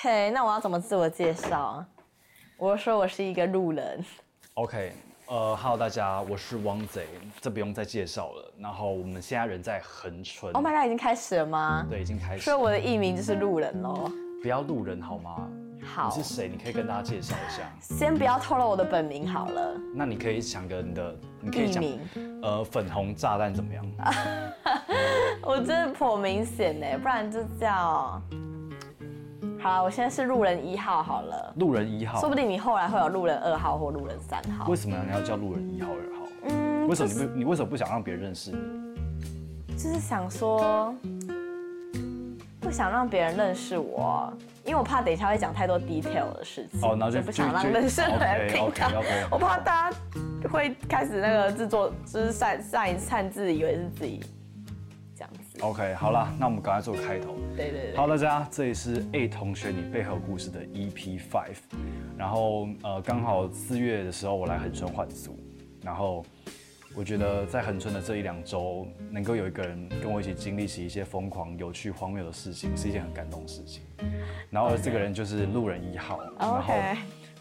OK，那我要怎麼自我介紹啊？我說我是一個路人。OK，呃，Hello 大家，我是汪賊，這不用再介紹了。然後我們現在人在恆春。Oh my god，已經開始了嗎？嗯、對，已經開始了。所以我的藝名就是路人嘍、嗯。不要路人好嗎？好。你是誰？你可以跟大家介紹一下。先不要透露我的本名好了。那你可以講個你的你可以講名。呃，粉紅炸彈怎麼樣？ 嗯、 我真是頗明顯呢，不然就叫。好，我現在是路人一號好了。路人一號，說不定你後來會有路人二號或路人三號。為什麼你要叫路人一號、二號？嗯，就是、為什麼你不？你為什麼不想讓別人認識你？就是想說，不想讓別人認識我，因為我怕等一下會講太多 detail 的事情。哦、oh，那就、就不想讓認識的人聽到。Okay, okay, okay, okay, okay. 我怕大家會開始那個制作，就是擅擅擅自以為是自己。OK，好啦。嗯、那我們剛才做開頭。對對，對好，大家，這裡是 A 同學你背後故事的 EP Five。然後呃，剛好四月的時候我來恆春換宿，然後我覺得在恆春的這一兩週，能夠有一個人跟我一起經歷起一些瘋狂、有趣、荒謬的事情，是一件很感動的事情。然後而這個人就是路人一號。嗯、然後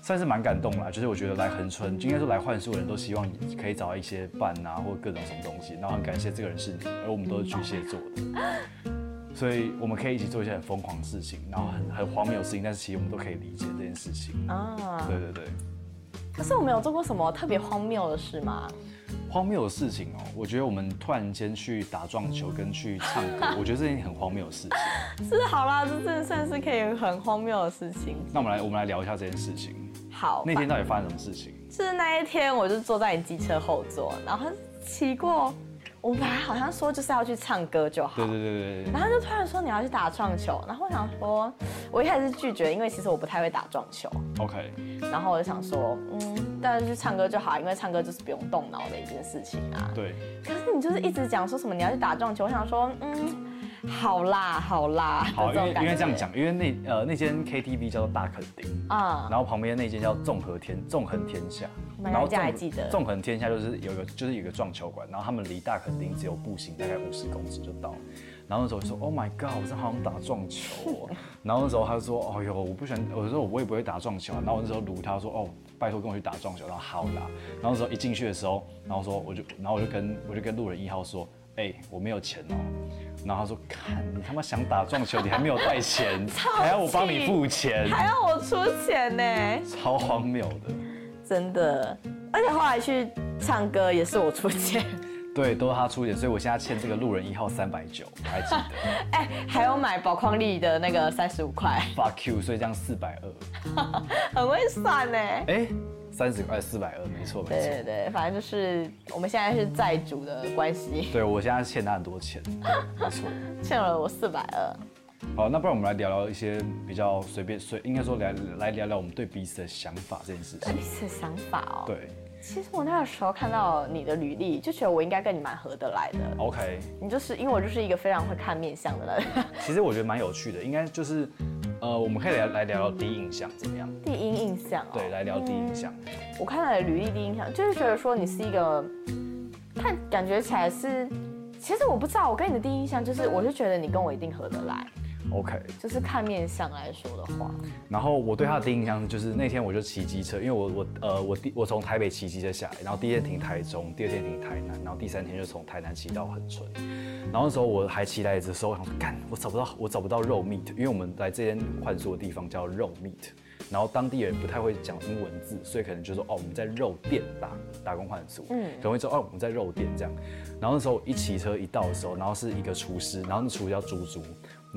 算是蠻感動的啦。就是我覺得來恆春應該說來換宿的人都希望可以找到一些伴啊，或各種什麼東西。然後很感謝這個人是你，而我們都是巨蟹座的，嗯，Oh my God。所以我們可以一起做一些很瘋狂的事情，然後很很荒謬的事情，但是其實我們都可以理解這件事情。啊，對對對。可是我們有做過什麼特別荒謬的事嗎？荒謬的事情哦，我覺得我們突然間去打撞球跟去唱歌， 我覺得這件很荒謬的事情。 是，好啦，這真的算是可以很荒謬的事情。那我們來，我們來聊一下這件事情。好吧，那天到底發生什麼事情？是那一天，我就坐在你機車後座，然後騎過。我本來好像說就是要去唱歌就好，對對對對。然後就突然說你要去打撞球，然後我想說，我一開始拒絕，因為其實我不太會打撞球。OK。然後我就想說，嗯，大家去唱歌就好，因為唱歌就是不用動腦的一件事情啊。對。可是你就是一直講說什麼你要去打撞球，我想說，嗯。好辣，好辣！好，因為因為這樣講，因為那呃那間 K T V 叫做大墾丁，啊，uh, 然後旁邊那間叫縱橫天，縱橫天下。我們家還記得，縱橫天下就是有個就是有個撞球館，然後他們離大墾丁只有步行大概五十公尺就到了。然後那時候就說，Oh my god，我真好想打撞球、哦。 然後那時候他就說，哎呦，我不喜歡，我就說我也不會打撞球、啊。然後我那時候盧他說，哦，拜托跟我去打撞球。然後好啦。然後那時候一進去的時候，然後我說我就，然後我就跟我就跟路人一號說。哎、欸，我沒有錢哦、喔，然後他說，看你他媽想打撞球，你還沒有帶錢， 超氣還要我幫你付錢，還要我出錢呢、嗯，超荒謬的，真的，而且後來去唱歌也是我出錢， 對，都是他出錢，所以我現在欠這個路人一號三百九，我還記得，哎、 欸，還有買寶礦力的那個三十五塊，fuck you，所以這樣四百二， 很會算呢，哎、欸。三十塊，四百二，沒錯，沒錯，對對對，反正就是我們現在是債主的關係。 對，我現在欠他很多錢，沒錯， 欠了我四百二。好，那不然我們來聊聊一些比較隨便，隨，應該說，來來聊聊我們對彼此的想法這件事情。對彼此的想法哦。對。其實我那個時候看到你的履歷，就覺得我應該跟你蠻合得來的。OK，你就是因為我就是一個非常會看面相的人。其實我覺得蠻有趣的，應該就是，呃，我們可以來來聊聊第一印象怎麼樣？第一印象啊，哦，對，來聊第一印象。嗯，我看到的履歷，第一印象就是覺得說你是一個，看感覺起來是，其實我不知道，我跟你的第一印象就是，我就覺得你跟我一定合得來。OK，就是看面相來說的話。然後我對他的第一印象就是那天我就騎機車，因為我我呃我第我從台北騎機車下來，然後第一天停台中，第二天停台南，然後第三天就從台南騎到恆春。然後那時候我還騎來的時候，我想說幹，我找不到我找不到肉 meat，因為我們來這邊換宿的地方叫肉 meat，然後當地人不太會講英文字，所以可能就說哦，我們在肉店打打工換宿，嗯，可能會說哦，我們在肉店這樣。然後那時候一騎車一到的時候，然後是一個廚師，然後那廚師叫豬豬。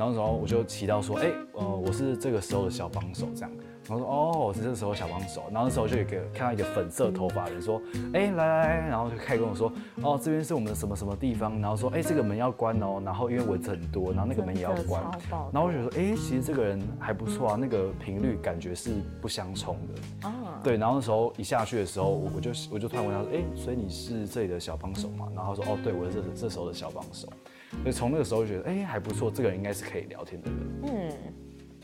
然後那時候，我就提到說，哎、欸，呃，我是這個時候的小幫手這樣。然後說，哦，我是這個時候的小幫手。然後那時候就一個看到一個粉色的頭髮人，就是、說，哎、欸，來來來，然後就開始跟我說，哦，這邊是我們的什麼什麼地方。然後說，哎、欸，這個門要關哦。然後因為蚊子很多，然後那個門也要關。超棒。然後我就說，哎、欸，其實這個人還不錯啊，嗯、那個頻率感覺是不相衝的。哦、嗯。對，然後那時候一下去的時候，我我就我就突然問他說，哎、欸，所以你是這裡的小幫手嘛？嗯、然後他說，哦，對，我是這個、這時候的小幫手。所以從那個時候就覺得，哎、欸，還不錯，這個人應該是可以聊天的人。嗯，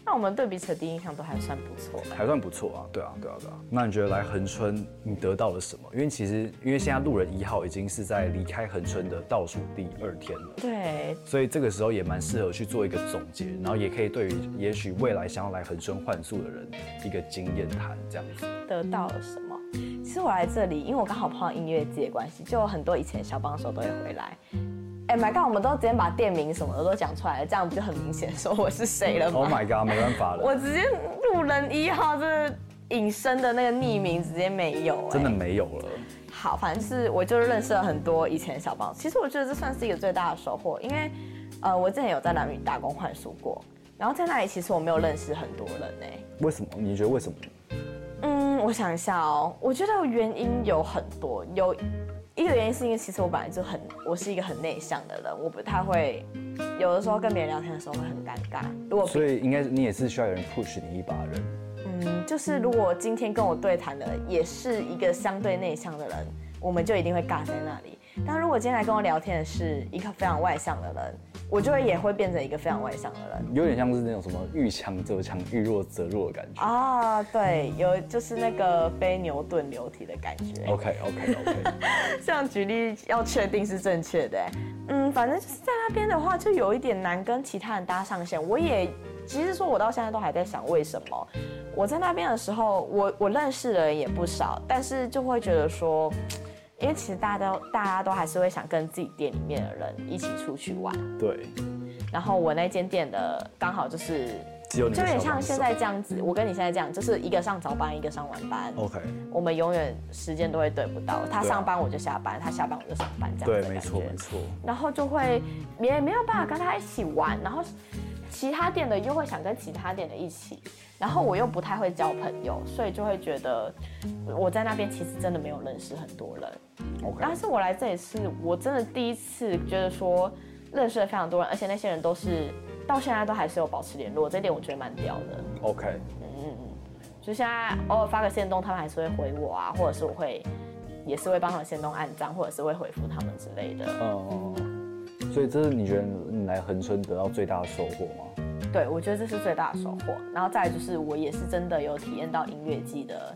那我們對彼此的第一印象都還算不錯，還算不錯啊，啊，對啊，對啊，對啊。那你覺得來恆春你得到了什麼？因為其實，因為現在路人一號已經是在離開恆春的倒數第二天了。對。所以這個時候也蠻適合去做一個總結，然後也可以對於也許未來想要來恆春換宿的人一個經驗談這樣子。得到了什麼？其實我來這裡，因為我剛好碰到音樂界的關係，就很多以前的小幫手都會回來。哎，欸，My God，我們都直接把店名什麼的都講出來，這樣不就很明顯說我是誰了嗎？Oh my God，沒辦法了。我直接路人一號，就是隱身的那個匿名直接沒有，真的沒有了。好，反正是我就是認識了很多以前的小幫手。其實我覺得這算是一個最大的收穫，因為呃，我之前有在南美打工換宿過，然後在那裡其實我沒有認識很多人呢。為什麼？你覺得為什麼？嗯，我想一下哦，我覺得原因有很多，有。一個原因是因為其實我本來就很，我是一個很內向的人，我不太會，有的時候跟別人聊天的時候會很尷尬。如果所以應該你也是需要有人 push 你一把人。嗯，就是如果今天跟我對談的也是一個相對內向的人，我們就一定會尬在那裡。但如果今天來跟我聊天的是一個非常外向的人，我就會也會變成一個非常外向的人，有點像是那種什麼遇強則強，遇弱則弱的感覺啊。對，有就是那個非牛頓流體的感覺。OK OK OK， 這樣舉例要確定是正確的。嗯，反正就是在那邊的話，就有一點難跟其他人搭上線。我也其實說，我到現在都還在想為什麼我在那邊的時候，我我認識的人也不少，但是就會覺得說。因為其實大家都大家都還是會想跟自己店裡面的人一起出去玩。對。然後我那間店的剛好就是，只有你。就有點像現在這樣子，我跟你現在這樣，就是一個上早班，一個上晚班。OK。我們永遠時間都會對不到，他上班我就下班，啊、他下班我就上班，這樣子的感覺。對，沒錯沒錯。然後就會也沒有辦法跟他一起玩，嗯、然後。其他店的又會想跟其他店的一起，然後我又不太會交朋友，嗯、所以就會覺得我在那邊其實真的沒有認識很多人。Okay. 但是我來這一次，我真的第一次覺得說認識了非常多人，而且那些人都是到現在都還是有保持聯絡，這一點我覺得蠻屌的。OK，嗯嗯，就現在偶爾發個限動，他們還是會回我啊，或者是我會也是會幫他們限動按讚，或者是會回復他們之類的。哦、呃，所以這是你覺得？來恆春得到最大的收穫嗎？對，我覺得這是最大的收穫。然後再來就是，我也是真的有體驗到音樂季的，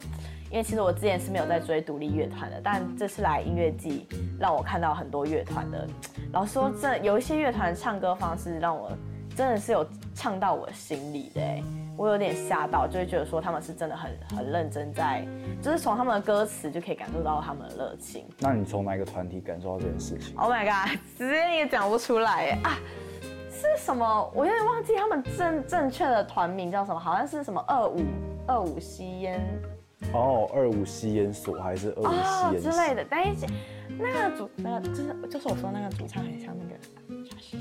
因為其實我之前是沒有在追獨立樂團的，但這次來音樂季，讓我看到很多樂團的。老實說，這有一些樂團唱歌方式，讓我真的是有唱到我心裡的耶我有點嚇到，就會覺得說他們是真的很很認真，在，就是從他們的歌詞就可以感受到他們的熱情。那你從哪一個團體感受到這件事情？Oh my god，直接你也講不出來啊！是什麼？我有點忘記他們正正確的團名叫什麼，好像是什麼二五二五吸烟。哦，二五吸菸所還是二五吸菸所、哦、之類的，但是那個、主、那個、呃，就是就是我說那個主唱很像那個，啊 Josh、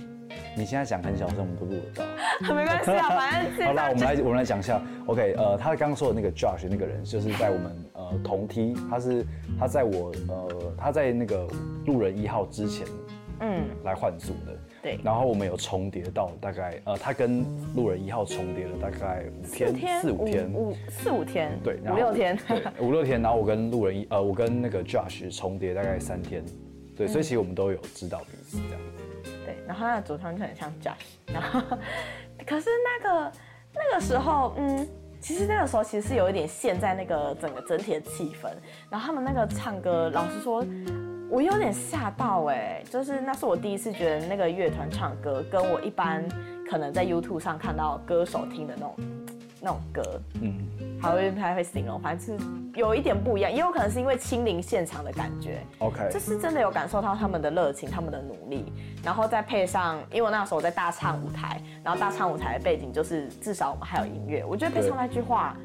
你現在講很小聲，我們都錄得到， 沒關係啊，就是、好啦，我們來我們來講一下，OK，呃，他剛剛說的那個 Josh 那個人就是在我們呃同梯，他是他在我呃他在那個路人一號之前。嗯，來換宿的。對，然後我們有重疊到大概呃，他跟路人一號重疊了大概五天，四五天，五四五天，5, 5, 4, 5天對，五六天，五六天。然後我跟路人一，呃，我跟那個 Josh 重疊大概三天，對，嗯、所以其實我們都有知道彼此這樣子。對，然後他的主唱就很像 Josh，然後可是那個那個時候，嗯，其實那個時候其實是有一點陷在那個整個整個整體的氣氛，然後他們那個唱歌，老實說。我有點嚇到哎、欸，就是那是我第一次覺得那個樂團唱歌，跟我一般可能在 YouTube 上看到歌手聽的那種那種歌，嗯，好，我也不太會形容，反正是有一點不一樣，也有可能是因為親臨現場的感覺，OK，就是真的有感受到他們的熱情、他們的努力，然後再配上，因為我那時候我在大唱舞台，然後大唱舞台的背景就是至少我們還有音樂，我覺得配上那句話。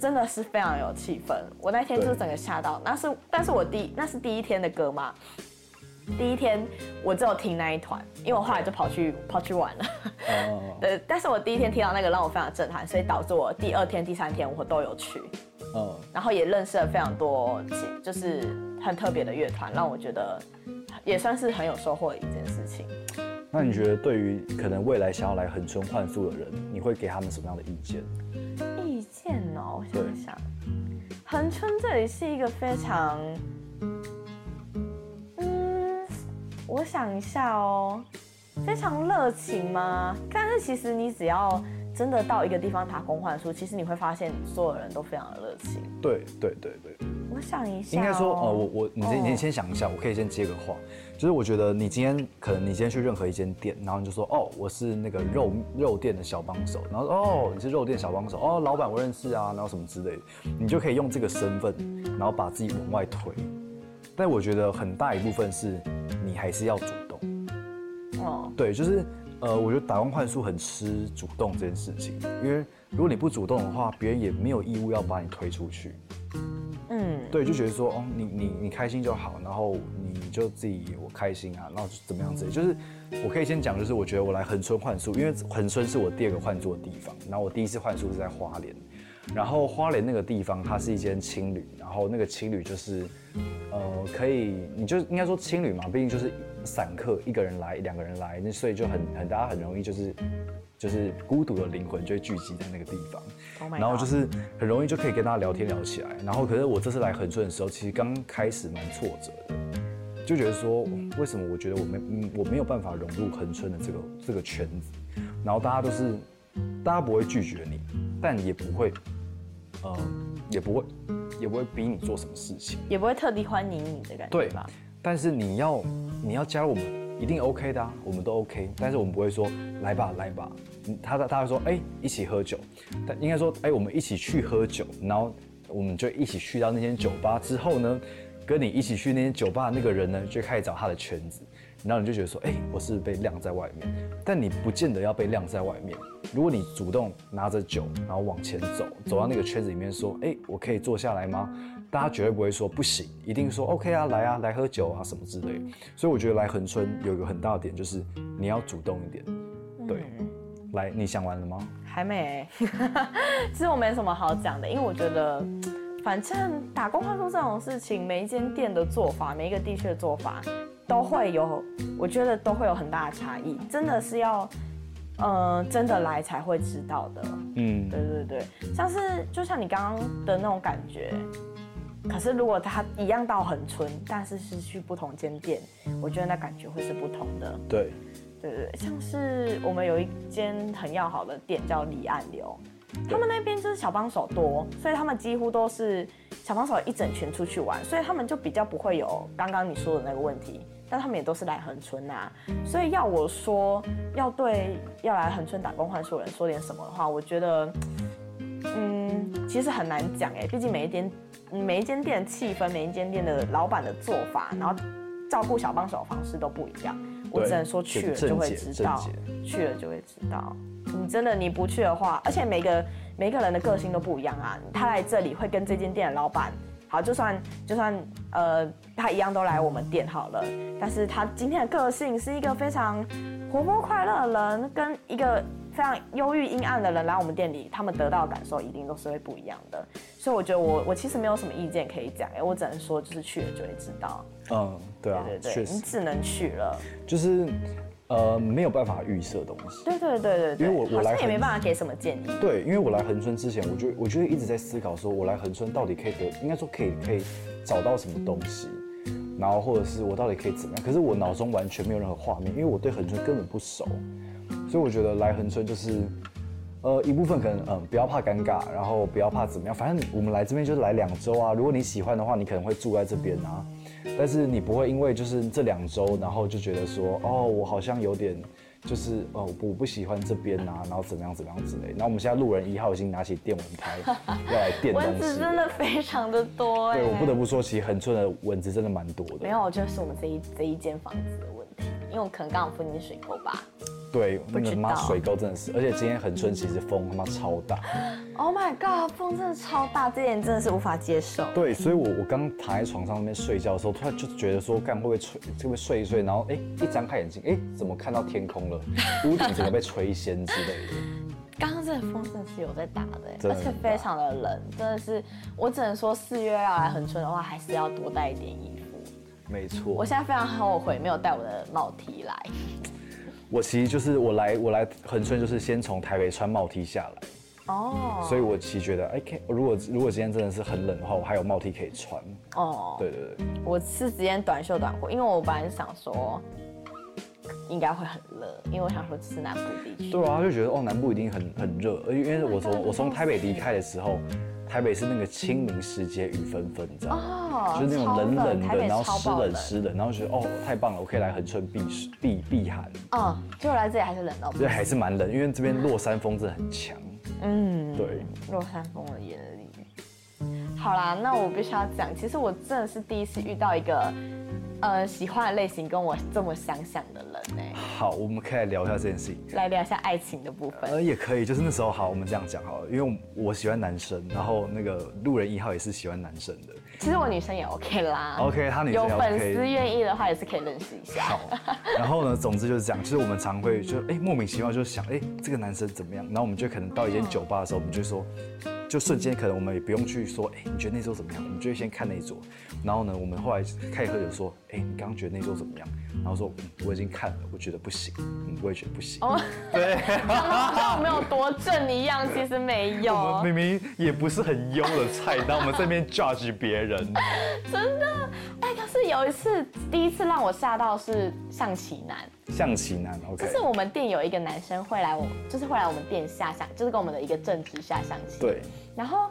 真的是非常有氣氛，我那天就是整個嚇到，對那是但是我第那是第一天的歌嘛，第一天我只有聽那一團，因為我後來就跑去 Okay. 跑去玩了，哦，uh, 對，但是我第一天聽到那個讓我非常震撼，所以導致我第二天、第三天我都有去，嗯，uh, 然後也認識了非常多，就是很特別的樂團，讓我覺得也算是很有收穫的一件事情。那你覺得對於可能未來想要來恆春換宿的人，你會給他們什麼樣的意見？一件哦，我想一想，恆春這裡是一個非常，嗯，我想一下哦，非常熱情嘛，但是其實你只要真的到一個地方打工換宿的時候，其實你會發現所有人都非常的熱情。對對對對，對對對，我想一下、哦，應該說哦，我我你先、哦、你先想一下，我可以先接個話，就是我覺得你今天可能你今天去任何一間店，然後你就說哦，我是那個肉、嗯、肉店的小幫手，然後哦，你是肉店小幫手哦，老闆我認識啊，然後什麼之類的，你就可以用這個身份，然後把自己往外推。但我覺得很大一部分是，你還是要主動。哦，對，就是。呃，我覺得打工換宿很吃主動這件事情，因為如果你不主動的話，別人也沒有義務要把你推出去。嗯，對，就覺得說，哦，你你你開心就好，然後你就自己我開心啊，然後怎麼樣子，就是我可以先講，就是我覺得我來恆春換宿，因為恆春是我第二個換宿的地方，然後我第一次換宿是在花蓮。然後花蓮那個地方，它是一間青旅，然後那個青旅就是，呃，可以，你就應該說青旅嘛，畢竟就是散客一個人來，兩個人來，那所以就很很大家很容易就是就是孤獨的靈魂就會聚集在那個地方，Oh my God. 然後就是很容易就可以跟大家聊天聊起來。然後可是我這次來恆春的時候，其實剛開始蠻挫折的，就覺得說為什麼我覺得我沒我沒有辦法融入恆春的這個這個圈子，然後大家都是大家不會拒絕你，但也不會。呃，也不會，也不會逼你做什麼事情，也不會特地歡迎你的感覺，對，但是你要，你要加入我們，一定 OK 的啊，我們都 OK。但是我們不會說來吧，來吧，他他他會說，欸，一起喝酒，但應該說，欸，我們一起去喝酒，然後我們就一起去到那間酒吧之後呢，跟你一起去那間酒吧的那個人呢，就開始找他的圈子。然後你就覺得說，哎，我是，是被晾在外面，但你不見得要被晾在外面。如果你主動拿着酒，然後往前走，走到那個圈子裡面，說，哎，我可以坐下來嗎？大家絕對不會說不行，一定說 OK 啊，來啊，來喝酒啊，什麼之類的。所以我覺得來恆春有一個很大的點，就是你要主動一點。對，嗯、來，你想完了嗎？還沒、欸。 其實我沒什麼好講的，因為我覺得，反正打工換宿這種事情，每一間店的做法，每一個地區的做法。都會有，我覺得都會有很大的差異，真的是要，嗯、呃，真的來才會知道的。嗯，對對對，像是就像你剛剛的那種感覺，可是如果它一樣到很純，但是是去不同間店，我覺得那感覺會是不同的。對，對對對，像是我們有一間很要好的店叫離岸流。對他們那邊就是小幫手多，所以他們幾乎都是小幫手一整群出去玩，所以他們就比較不會有剛剛你說的那個問題。但他們也都是來恆春吶，所以要我說，要對要來恆春打工換宿的人說點什麼的話，我覺得，嗯，其實很難講哎、欸，畢竟每一間每一間店的氣氛，每一間店的老板的做法，然後照顧小幫手的方式都不一樣。我只能說去了就會知道，去了就會知道。你、嗯、真的你不去的話，而且每個每個人的個性都不一樣啊。他來這裡會跟這間店的老闆，好，就算就算呃他一樣都來我們店好了，但是他今天的個性是一個非常活潑快樂的人，跟一個非常憂鬱陰暗的人來我們店裡，他們得到的感受一定都是會不一樣的。所以我覺得我我其實沒有什麼意見可以講，哎，我只能說就是去了就會知道。嗯，對啊，對對，對確實，你只能去了。就是，呃，沒有辦法預設東西。對，對對對對對。好像也沒辦法給什麼建議。對，因為我來恆春之前，我就我就一直在思考說，我來恆春到底可以的，應該說可以可以找到什麼東西，然後或者是我到底可以怎麼樣？可是我腦中完全沒有任何畫面，因為我對恆春根本不熟，所以我覺得來恆春就是。呃，一部分可能嗯，不要怕尷尬，然後不要怕怎麼樣，反正我們來這邊就是來兩週啊。如果你喜歡的話，你可能會住在這邊啊，但是你不會因為就是這兩週，然後就覺得說哦，我好像有點就是哦我，我不喜歡這邊啊，然後怎麼樣怎麼樣，怎麼樣之類。那我們現在路人一號已經拿起電蚊拍 要來電蚊子，真的非常的多、欸。對我不得不說，其實恆春的蚊子真的蠻多的。沒有，就是我們這一這一間房子。因為我可能剛剛碰進水溝吧，對，那個媽水溝真的是，而且今天恆春其實風他媽超大，Oh my god，風真的超大，這一點真的是無法接受。對，所以我我剛躺在床上那邊睡覺的時候，突然就覺得說，幹會不會吹，會不會睡一睡，然後哎一張開眼睛，哎怎麼看到天空了，屋頂怎麼被吹掀之類的。 剛剛這個風真的是有在打的，而且非常冷，真的，非常冷，真的是，我只能說四月要來恆春的話，還是要多帶一點衣服。沒錯，我現在非常後悔沒有帶我的帽 T 來。 我其實就是我來我來恆春，就是先從台北穿帽 T 下來。哦。Oh. 所以我其實覺得，哎，如果如果今天真的是很冷的話，我還有帽 T 可以穿。哦。Oh. 對對對，我是直接短袖短褲，因為我本來想說應該會很熱，因為我想說這是南部地區。對啊，他就覺得哦，南部一定很很熱，因為我從、oh, 我從台北離開的時候。台北是那個清明時節雨紛紛，你知道嗎？哦，就是那種冷冷的，然後濕冷濕冷，濕冷，然後覺得哦太棒了，我可以來恆春避避避寒。嗯，結果、嗯、來這裡還是冷到不行。對，還是蠻冷，因為這邊落山風真的很強。嗯，對。落山風的威力。好啦，那我必須要講，其實我真的是第一次遇到一個。呃，喜歡的類型跟我這麼相像的人呢？好，我們可以來聊一下這件事情，來聊一下愛情的部分。呃，也可以，就是那時候好，我們這樣講好了，因為我，我喜歡男生，然後那個路人一號也是喜歡男生的。嗯、其實我女生也 OK 啦，OK，他女生也、OK、有粉絲願意的話也是可以認識一下。好，然後呢，總之就是這樣。其實、就是、我們常會就哎莫名其妙就想哎這個男生怎麼樣，然後我們就可能到一間酒吧的時候，嗯、我們就說。就瞬間可能我們也不用去說，哎，你覺得那桌怎麼樣？我們就會先看那一桌，然後呢，我們後來開始喝酒說，哎，你剛剛覺得那桌怎麼樣？然後說，我已經看了，我覺得不行，我也覺得不行。哦，oh, 對，像我們有多正一樣，其實沒有。 我們明明也不是很優的菜單，那我們這邊 judge 別人， 真的。哎，可是有一次，第一次讓我嚇到是象棋男。象棋男，OK 就是我們店有一個男生會來我，我就是會來我們店下象，就是跟我們的一個正職下象棋。對。然後，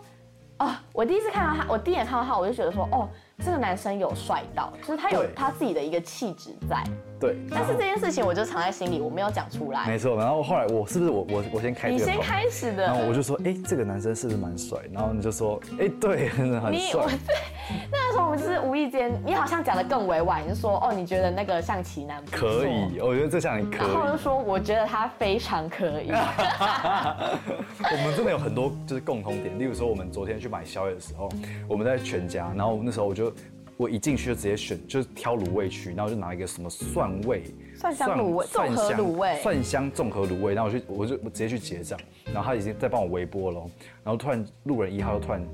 哦，我第一次看到他，我第一眼看到他，我就覺得說，哦，這個男生有帥到，就是他有對他自己的一個氣質在。對，但是這件事情我就藏在心裡，我沒有講出來。沒錯，然後後來我是不是我我我先開你先開始的，然後我就說，哎，這個男生是不是蠻帥？然後你就說，哎，對，真的很帥。你我對，那個時候我們就是無意間，你好像講的更委婉，你就說哦，你覺得那個象棋男可以？我覺得這像你。」可以。然後就說，我覺得他非常可以。 我們真的有很多就是共同點，例如說，我們昨天去買宵夜的時候，我們在全家，然後那時候我就。我一進去就直接選，就是挑滷味去，然後我就拿一個什麼蒜味、蒜香滷味蒜、蒜香滷味、蒜香綜合滷味，然後我去，我就我直接去結賬，然後他已經在幫我微波了，然後突然路人一號就突然。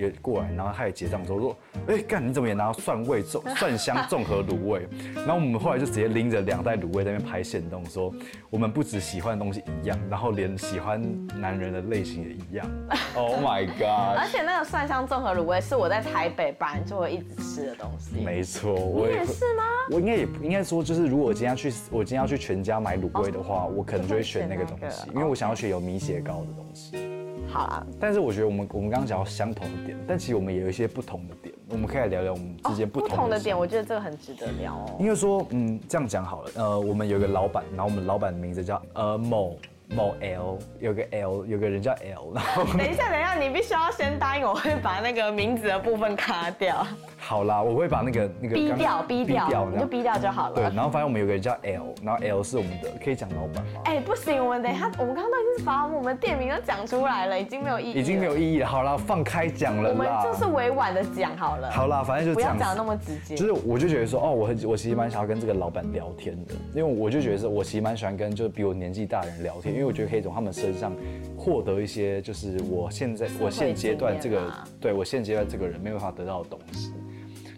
也過來，然後他也結賬的說，說，哎、欸，幹，你怎麼也拿到蒜味、蒜蒜香綜合滷味？ 然後我們後來就直接拎着兩袋滷味在那邊拍現動說，說我們不只喜歡的東西一樣，然後連喜歡男人的類型也一樣。 Oh my god！而且那個蒜香綜合滷味是我在台北版就會一直吃的東西。沒錯，我也，也是嗎？我應該也應該說，就是如果我今天要去我今天要去全家買滷味的話，哦、我可能就會選那個東西，那個、因為我想要選有米血糕的東西。好啊，但是我覺得我們我們剛剛講到相同的點，但其實我們也有一些不同的點，我們可以來聊聊我們之間不同的、哦、不同的點。我覺得這個很值得聊哦。因為說，嗯，這樣講好了，呃，我們有一個老闆，然後我們老闆的名字叫呃某。某 L 有個 L 有個人叫 L，然後等一下等一下，你必須要先答應我會把那個名字的部分卡掉。好啦，我會把那個那個 B 掉 B 掉，你就 B 掉就好了。對，然後發現我們有個人叫 L，然後 L 是我們的，可以講老闆嗎？哎、欸，不行，我們等一下，我們剛剛都已經把我們店名都講出來了，已經沒有意義，已經沒有意義了。好了，放開講了，我們就是委婉的講好了。好啦，反正就是不要講那麼直接。就是我就覺得說，哦，我很我其實蠻想要跟這個老闆聊天的，因為我就覺得是我其實蠻喜歡跟就是比我年紀大的人聊天。因為我覺得可以從他們身上獲得一些，就是我現在我現階段這個對我現階段這個人沒有辦法得到的東西，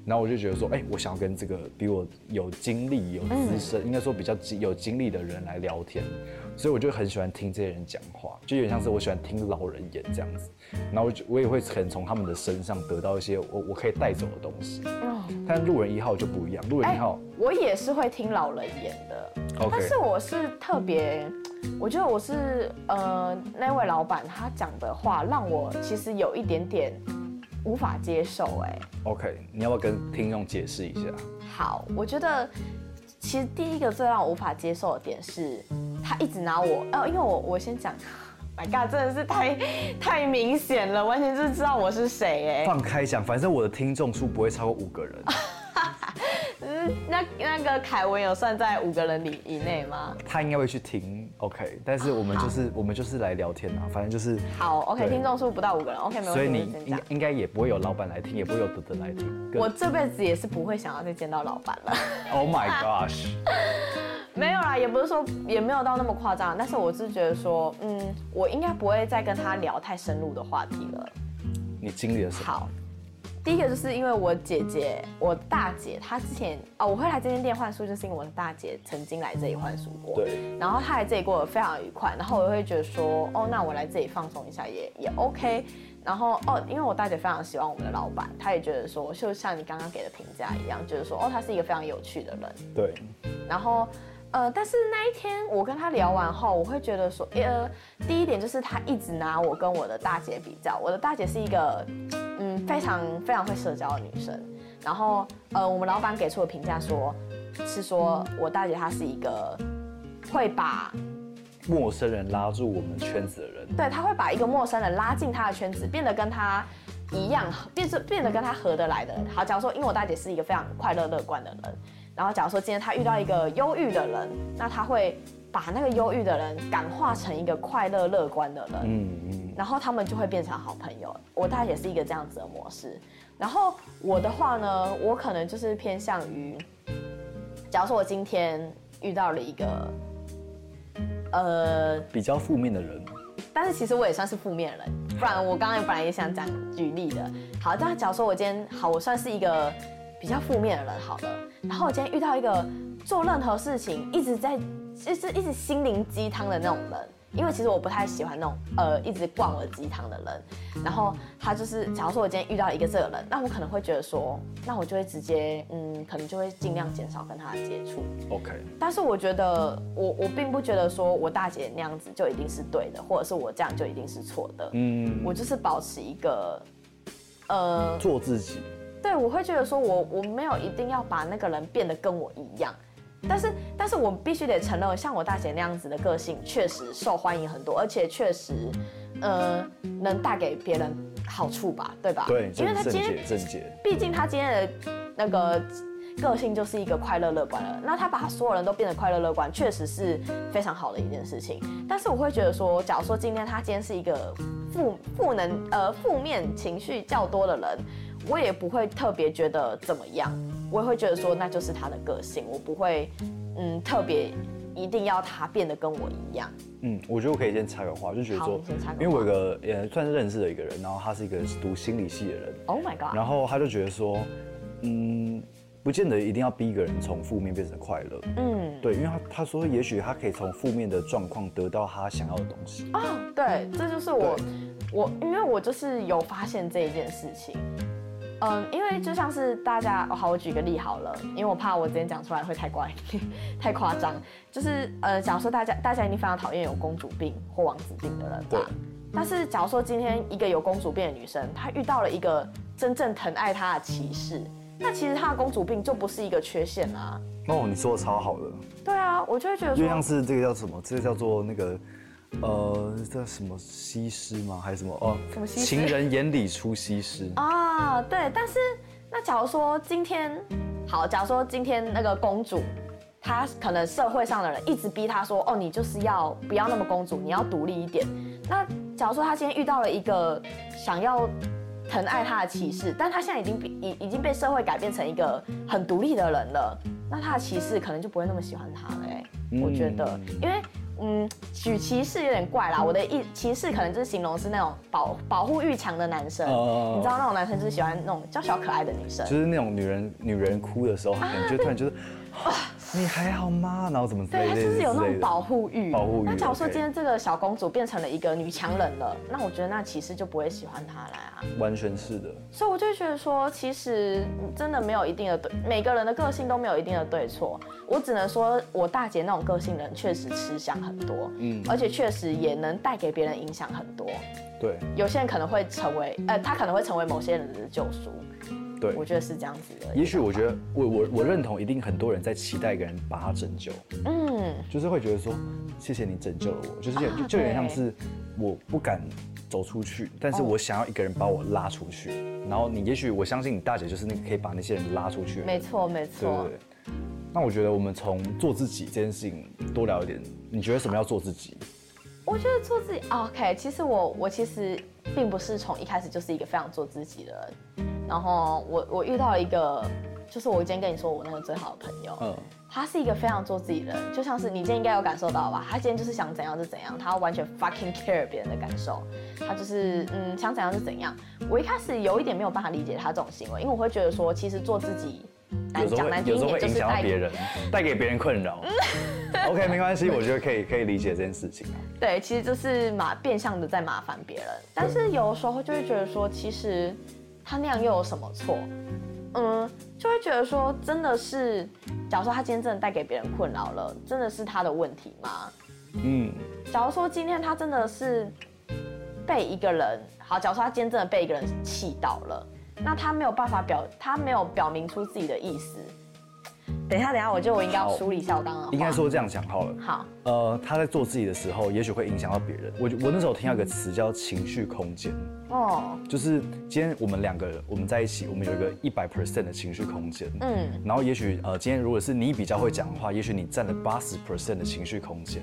然後我就覺得說，哎，我想要跟這個比我有經歷、有資深，嗯、應該說比較有經歷的人來聊天，所以我就很喜歡聽這些人講話，就有點像是我喜歡聽老人言這樣子。然後就我也會很從他們的身上得到一些我我可以帶走的東西，嗯，但路人一號就不一樣，路人一號、欸，我也是會聽老人言的 Okay. 但是我是特別，我覺得我是呃那位老闆他講的話讓我其實有一點點無法接受、欸，哎，OK，你要不要跟聽眾解釋一下？好，我覺得其實第一個最讓我無法接受的點是，他一直拿我，呃，因為我我先講。God, 真的是太太明顯了，完全就是知道我是誰哎。放開講，反正我的聽眾數不會超過五個人。 那那個凱文有算在五個人裡以內嗎？他應該會去聽。OK，但是我們就是、啊、我們就是來聊天啊，反正就是好 OK，對聽眾數不，不到五個人 OK，沒問題，所以你應該也不會有老板來聽，也不會有嘟嘟來聽。我這輩子也是不會想要再見到老板了。 oh my gosh， 沒有啦，也不是說也沒有到那麼誇張，但是我是覺得說，嗯，我應該不會再跟他聊太深入的話題了。你經歷了什麼？好第一個就是因為我姐姐，我大姐她之前哦，我會來這間店換宿，就是因為我大姐曾經來這裡換宿過。對。然後她來這裡過得非常愉快，然後我會覺得說，哦，那我來這裡放鬆一下也也 OK。然後哦，因為我大姐非常喜歡我們的老板，她也覺得說，就像你剛剛給的評價一樣，覺得說，哦，她是一個非常有趣的人。對。然後，呃，但是那一天我跟她聊完後，我會覺得說，哎、呃，第一點就是她一直拿我跟我的大姐比較，我的大姐是一個。嗯，非常非常會社交的女生。然後，呃，我們老闆給出的評價說，是說我大姐她是一個會把陌生人拉入我們圈子的人。對，她會把一個陌生人拉進她的圈子，變得跟她一樣，變成變得跟她合得來的人。好，假如說，因為我大姐是一個非常快樂樂觀的人，然後假如說今天她遇到一個憂鬱的人，那她會。把那個憂鬱的人感化成一個快樂樂觀的人，嗯嗯，嗯，然後他們就會變成好朋友。我大概也是一個這樣子的模式。然後我的話呢，我可能就是偏向於，假如說我今天遇到了一個，呃，比較負面的人，但是其實我也算是負面人，不然我剛剛本來也想講舉例的。好，但假如說我今天好，我算是一個比較負面的人好了。然後我今天遇到一個做任何事情一直在。其實一直心靈雞湯的那種人，因為其實我不太喜歡那種呃一直灌我雞湯的人。然後他就是，假如說我今天遇到一個這個人，那我可能會覺得說，那我就會直接嗯，可能就會盡量減少跟他接觸。OK。但是我覺得我我並不覺得說我大姐那樣子就一定是對的，或者是我這樣就一定是錯的。嗯。我就是保持一個，呃，做自己。對，我會覺得說我我沒有一定要把那個人變得跟我一樣。但是，但是我必須得承認，像我大姐那樣子的個性確實受歡迎很多，而且確實，呃，能帶給別人好處吧，對吧？對，因為她今天，正解，畢竟她今天的那個個性就是一個快樂樂觀的，那她把所有人都變得快樂樂觀，確實是非常好的一件事情。但是我會覺得說，假如說今天她今天是一個負負能呃負面情緒較多的人。我也不會特別覺得怎麼樣，我也會覺得說那就是他的個性，我不會，嗯，特別一定要他變得跟我一樣。嗯，我覺得我可以先插個話，就覺得說，因為我有一個也算是認識的一個人，然後他是一個是讀心理系的人。Oh my god！然後他就覺得說，嗯，不見得一定要逼一個人從負面變成快樂。嗯，對，因為他他說，也許他可以從負面的狀況得到他想要的東西。啊、嗯，對，這就是我，對我因為我就是有發現這一件事情。嗯，因為就像是大家，哦，好，我舉個例好了，因為我怕我今天講出來會太怪，太誇張。就是呃，假如說大家大家一定非常討厭有公主病或王子病的人，對。但是假如說今天一個有公主病的女生，她遇到了一個真正疼愛她的騎士，那其實她的公主病就不是一個缺陷啊。哦，你說的超好了。對啊，我就會覺得，就像是這個叫什麼，這個叫做那個。呃，這什麼西施嗎？還是什麼？哦，什麼西施？情人眼裡出西施啊，對。但是，那假如說今天，好，假如說今天那個公主，她可能社會上的人一直逼她說，哦，你就是要不要那麼公主，你要獨立一點。那假如說她今天遇到了一個想要疼愛她的騎士，但她現在已經被已已經被社會改變成一個很獨立的人了，那她的騎士可能就不會那麼喜歡她了。我覺得，嗯、因為。嗯，舉騎士有點怪啦。我的意騎士可能就是形容是那種保保護欲強的男生，哦、你知道那種男生就是喜歡那種嬌小、小可愛的女生，就是那種女人女人哭的時候，就、啊、突然就是。啊你還好嗎？然後怎麼類類？對他是不是有那種保護欲？保護欲。那假如說今天這個小公主變成了一個女強人了，Okay. 那我覺得那騎士就不會喜歡她了啊。完全是的。所以我就覺得說，其實真的沒有一定的對，每個人的個性都沒有一定的對錯。我只能說，我大姐那種個性人確實吃香很多，嗯，而且確實也能帶給別人影響很多。對。有些人可能會成為，呃，她可能會成為某些人的救贖。對，我覺得是這樣子的。也許我覺得我，我我我認同，一定很多人在期待一個人把他拯救。嗯，就是會覺得說，謝謝你拯救了我，嗯、就是就，就有點像是我不敢走出去，但是我想要一個人把我拉出去。哦、然後你，也許我相信你大姐就是那個可以把那些人拉出去。沒錯，沒錯。對，對。那我覺得我們從做自己這件事情多聊一點，你覺得什麼要做自己？我覺得做自己，OK。其實我我其實並不是從一開始就是一個非常做自己的人。然後我我遇到一個，就是我今天跟你說我那個最好的朋友，他是一個非常做自己的人，就像是你今天應該有感受到吧？他今天就是想怎樣就怎樣，他完全 fucking care 別人的感受，他就是嗯想怎樣就怎樣。我一開始有一點沒有辦法理解他這種行為，因為我會覺得說，其實做自己。有時候有時候會影響別人，帶 給別人困擾。OK 沒關係，我覺得可以可以理解這件事情。對，其實就是麻變相的在麻煩別人。對但是有的時候就會覺得說，其實他那樣又有什麼錯？嗯，就會覺得說，真的是，假如說他今天真的帶給別人困擾了，真的是他的問題嗎？嗯。假如說今天他真的是被一個人，好，假如說他今天真的被一個人氣到了。那他沒有辦法表，他沒有表明出自己的意思。等一下，等一下，我覺得我應該要梳理一下我剛剛的話。應該說這樣講好了。好，呃，他在做自己的時候，也許會影響到別人。我我那時候聽到一個詞叫情緒空間。哦、嗯。就是今天我們兩個人，我們在一起，我們有一個一百 percent 的情緒空間。嗯。然後也許呃，今天如果是你比較會講的話，嗯、也許你佔了八十 percent 的情緒空間。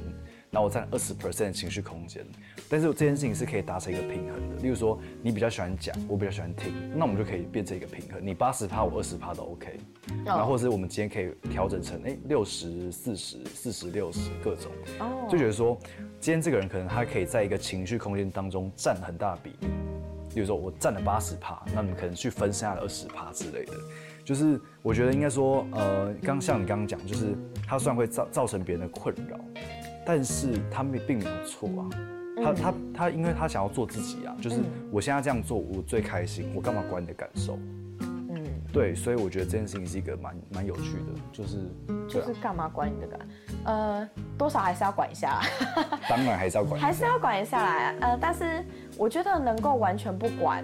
然後我占二十 percent 的情緒空間，但是我這件事情是可以達成一個平衡的。例如說，你比較喜歡講，我比較喜歡聽，那我們就可以變成一個平衡。你八十趴，我二十趴都 OK。Oh. 然後，或者是我們今天可以調整成，誒六十四十、四十六十，各種、Oh. 就覺得說，今天這個人可能他可以在一個情緒空間當中占很大比例。例如說，我占了八十趴，那你們可能去分剩下的二十趴之類的。就是我覺得應該說，呃，剛像你剛剛講，就是他雖然會造造成別人的困擾。但是他們並沒有錯啊，他他他，他因為他想要做自己啊，就是我現在這樣做，我最開心，我幹嘛管你的感受？嗯，對，所以我覺得這件事情是一個蠻蠻有趣的，就是、啊、就是幹嘛管你的感？呃，多少還是要管一下，當然還是要管一下， 還是要管一下來啊。呃，但是我覺得能夠完全不管，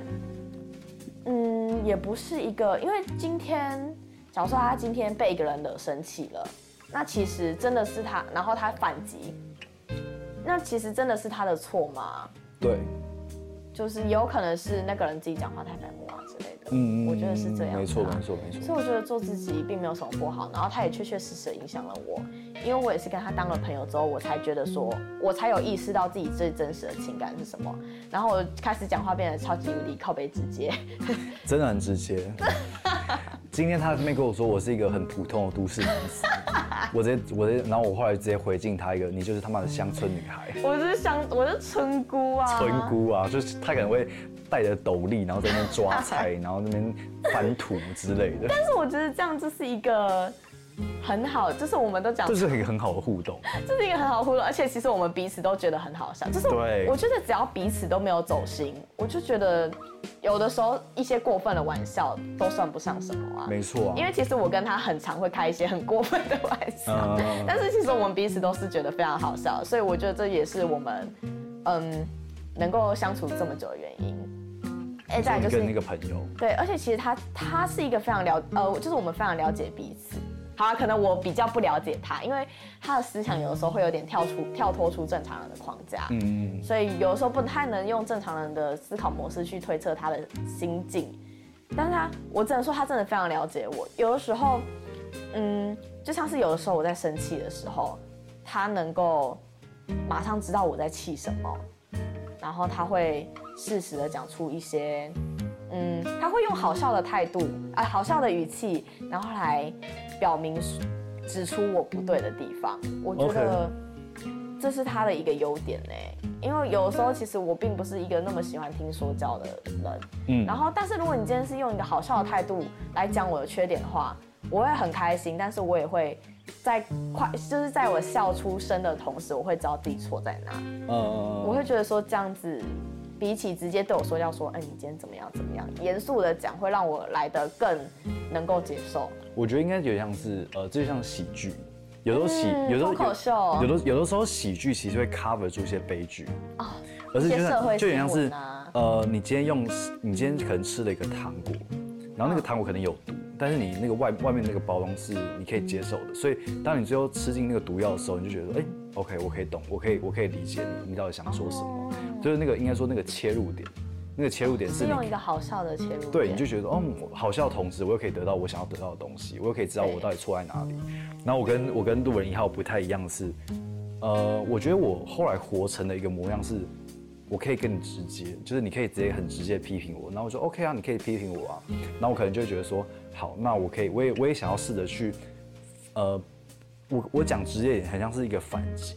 嗯，也不是一個，因為今天，假如說他今天被一個人惹生氣了。那其實真的是他，然後他反擊，那其實真的是他的錯嗎？對、嗯，就是有可能是那個人自己講話太白目啊之類的。嗯，我覺得是這樣的、啊。沒錯，沒錯，沒錯。所以我覺得做自己並沒有什麼不好，然後他也確確實實影響了我，因為我也是跟他當了朋友之後，我才覺得說我才有意識到自己最真實的情感是什麼，然後我開始講話變得超級無敵靠北直接，真的很直接。 今天他沒跟我說，我是一個很普通的都市男子。 我直接，我直接，然後我後來直接回敬她一個，你就是他媽的鄉村女孩。我是鄉，我是村姑啊。村姑啊，就是她可能會戴着斗笠，然後在那邊抓菜， 然後在那邊翻土之類的。但是我覺得這樣子是一個。很好，就是我們都講，這是一個很好的互動，這是一個很好的互動，而且其實我們彼此都覺得很好笑，就是我,對我覺得只要彼此都沒有走心，我就覺得有的時候一些過分的玩笑都算不上什麼啊。沒錯、啊嗯、因為其實我跟他很常會開一些很過分的玩笑，嗯、但是其實我們彼此都是覺得非常好笑，所以我覺得這也是我們嗯能夠相處這麼久的原因。再來就是那個朋友、欸就是，對，而且其實他他是一個非常了呃，就是我們非常了解彼此。好啊，可能我比較不了解他，因為他的思想有的時候會有點跳出，跳脫出正常人的框架，嗯，所以有的時候不太能用正常人的思考模式去推測他的心境。但是他，我只能說他真的非常了解我。有的時候，嗯，就像是有的時候我在生氣的時候，他能夠馬上知道我在氣什麼，然後他會適時的講出一些，嗯，他會用好笑的態度啊，呃，好笑的語氣，然後來。表明指出我不對的地方，我覺得這是他的一個優點、哎、因為有時候其實我並不是一個那麼喜歡聽說教的人，然後，但是如果你今天是用一個好笑的態度來講我的缺點的話，我會很開心。但是我也會在快，就是在我笑出聲的同時，我會知道自己錯在哪。嗯，我會覺得說這樣子。比起直接對我說要說，哎，你今天怎麼樣怎麼樣？嚴肅的講，會讓我來得更能夠接受。我覺得應該有點像是，呃，就像喜劇，有時候喜、嗯、有時候，有的有的時候喜劇其實會 cover 住一些悲劇，哦、而是覺得、啊、就有點像是，呃，你今天用你今天可能吃了一個糖果，然後那個糖果可能有毒。哦但是你那個外外面那個包裝是你可以接受的，嗯、所以當你最後吃進那個毒藥的時候，你就覺得哎，OK，我可以懂，我可以，我可以理解你，你到底想說什麼？哦、就是那個應該說那個切入點，那個切入點是用一,一個好笑的切入點，對，你就覺得哦，好笑的同時我又可以得到我想要得到的東西，我又可以知道我到底錯在哪裡。對然後我跟我跟路人一號不太一樣是，呃，我覺得我後來活成的一個模樣是。嗯嗯我可以跟你直接，就是你可以直接很直接批評我，那我說 OK 啊，你可以批評我啊，那我可能就會覺得說好，那我可以，我也我也想要試着去，呃，我我講職業也很像是一個反擊。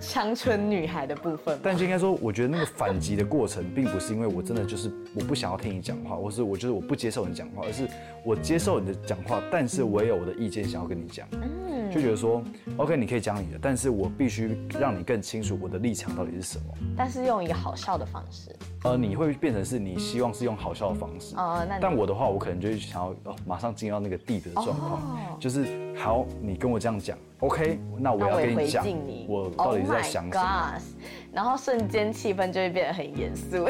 恆春女孩的部分，但是應該說，我覺得那個反擊的過程，並不是因為我真的就是我不想要聽你講話，或是我就是我不接受你講話，而是我接受你的講話，但是我也有我的意見想要跟你講，嗯、就覺得說，OK，你可以講你的，但是我必須讓你更清楚我的立場到底是什麼。但是用一個好笑的方式。呃，你會變成是你希望是用好笑的方式哦，那但我的話，我可能就是想要哦，馬上進入到那個地的狀況，哦哦就是好，你跟我這樣講。OK，那我要跟你講，我也回敬你我到底在想什麼。Oh my God！然後瞬間氣氛就會變得很嚴肅。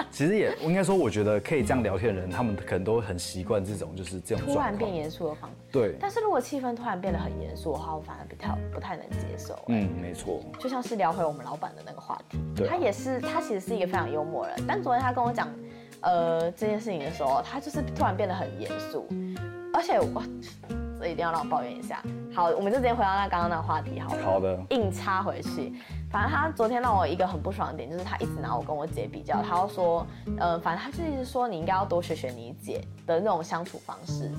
其實也，我應該說，我覺得可以這樣聊天的人，他們可能都很習慣這種，就是這種狀突然變嚴肅的方。對。但是如果氣氛突然變得很嚴肅的話，我反而不太不太能接受。嗯，沒錯。就像是聊回我們老闆的那個話題，對啊、他也是，他其實是一個非常幽默的人，但昨天他跟我講，呃，這件事情的時候，他就是突然變得很嚴肅，而且我。一定要讓我抱怨一下。好，我們就直接回到那剛剛那個話題，好。好的。硬插回去，反正他昨天讓我一個很不爽的點，就是他一直拿我跟我姐比較。他說，嗯、呃，反正他就一直說你應該要多學學你姐的那種相處方式。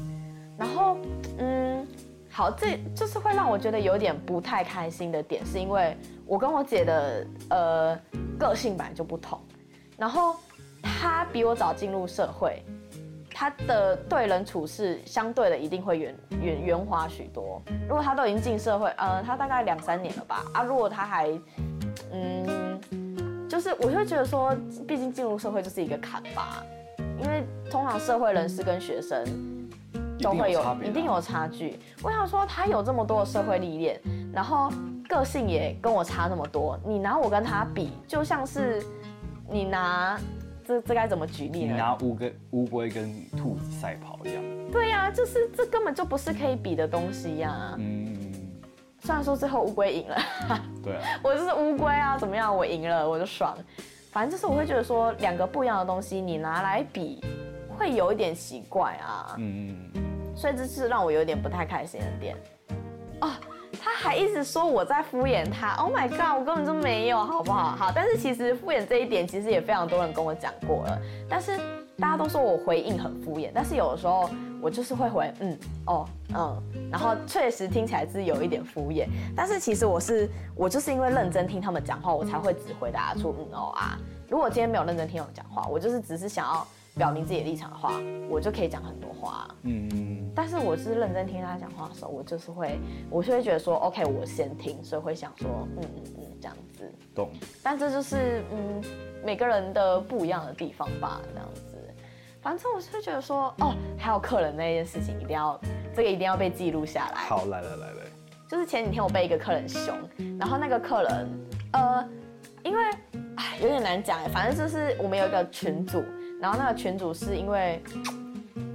然後，嗯，好，這就是會讓我覺得有點不太開心的點，是因為我跟我姐的呃個性本來就不同，然後他比我早進入社會。他的對人處事相對的一定會圓圓圓滑許多。如果他都已經進社會，呃，他大概兩三年了吧？啊，如果他還，嗯，就是我就覺得說，畢竟進入社會就是一個坎吧，因為通常社會人士跟學生都會有一定有差別啊、一定有差距。我想說，他有這麼多的社會歷練，然後個性也跟我差那麼多，你拿我跟他比，就像是你拿。這這該怎麼舉例呢？你拿烏龜、烏龜跟兔子賽跑一樣。對呀、啊，就是這根本就不是可以比的東西呀、啊。嗯，雖然說最後烏龜贏了。 對啊。我就是烏龜啊，怎麼樣，我贏了我就爽。反正就是我會覺得說兩個不一樣的東西你拿來比，會有一點奇怪啊。嗯嗯。所以這是讓我有點不太開心的點。啊。他還一直說我在敷衍他，Oh my god，我根本就沒有，好不好？好，但是其實敷衍這一點，其實也非常多人跟我講過了。但是大家都說我回應很敷衍，但是有的時候我就是會回嗯哦嗯，然後確實聽起來是有一點敷衍，但是其實我是我就是因為認真聽他們講話，我才會只回答出嗯哦啊。如果今天沒有認真聽他們講話，我就是只是想要。表明自己的立場的話，我就可以講很多話。嗯，但是我是認真聽他講話的時候，我就是會，我就會覺得說，OK，我先聽，所以會想說，嗯嗯嗯，這樣子。懂。但這就是，嗯，每個人的不一樣的地方吧，這樣子。反正我是會覺得說，嗯、哦，還有客人那件事情一定要，這個一定要被記錄下來。好，來來來來。就是前幾天我被一個客人凶，然後那個客人，呃，因為，哎，有點難講，反正就是我們有一個群組。然後那個群組是因為，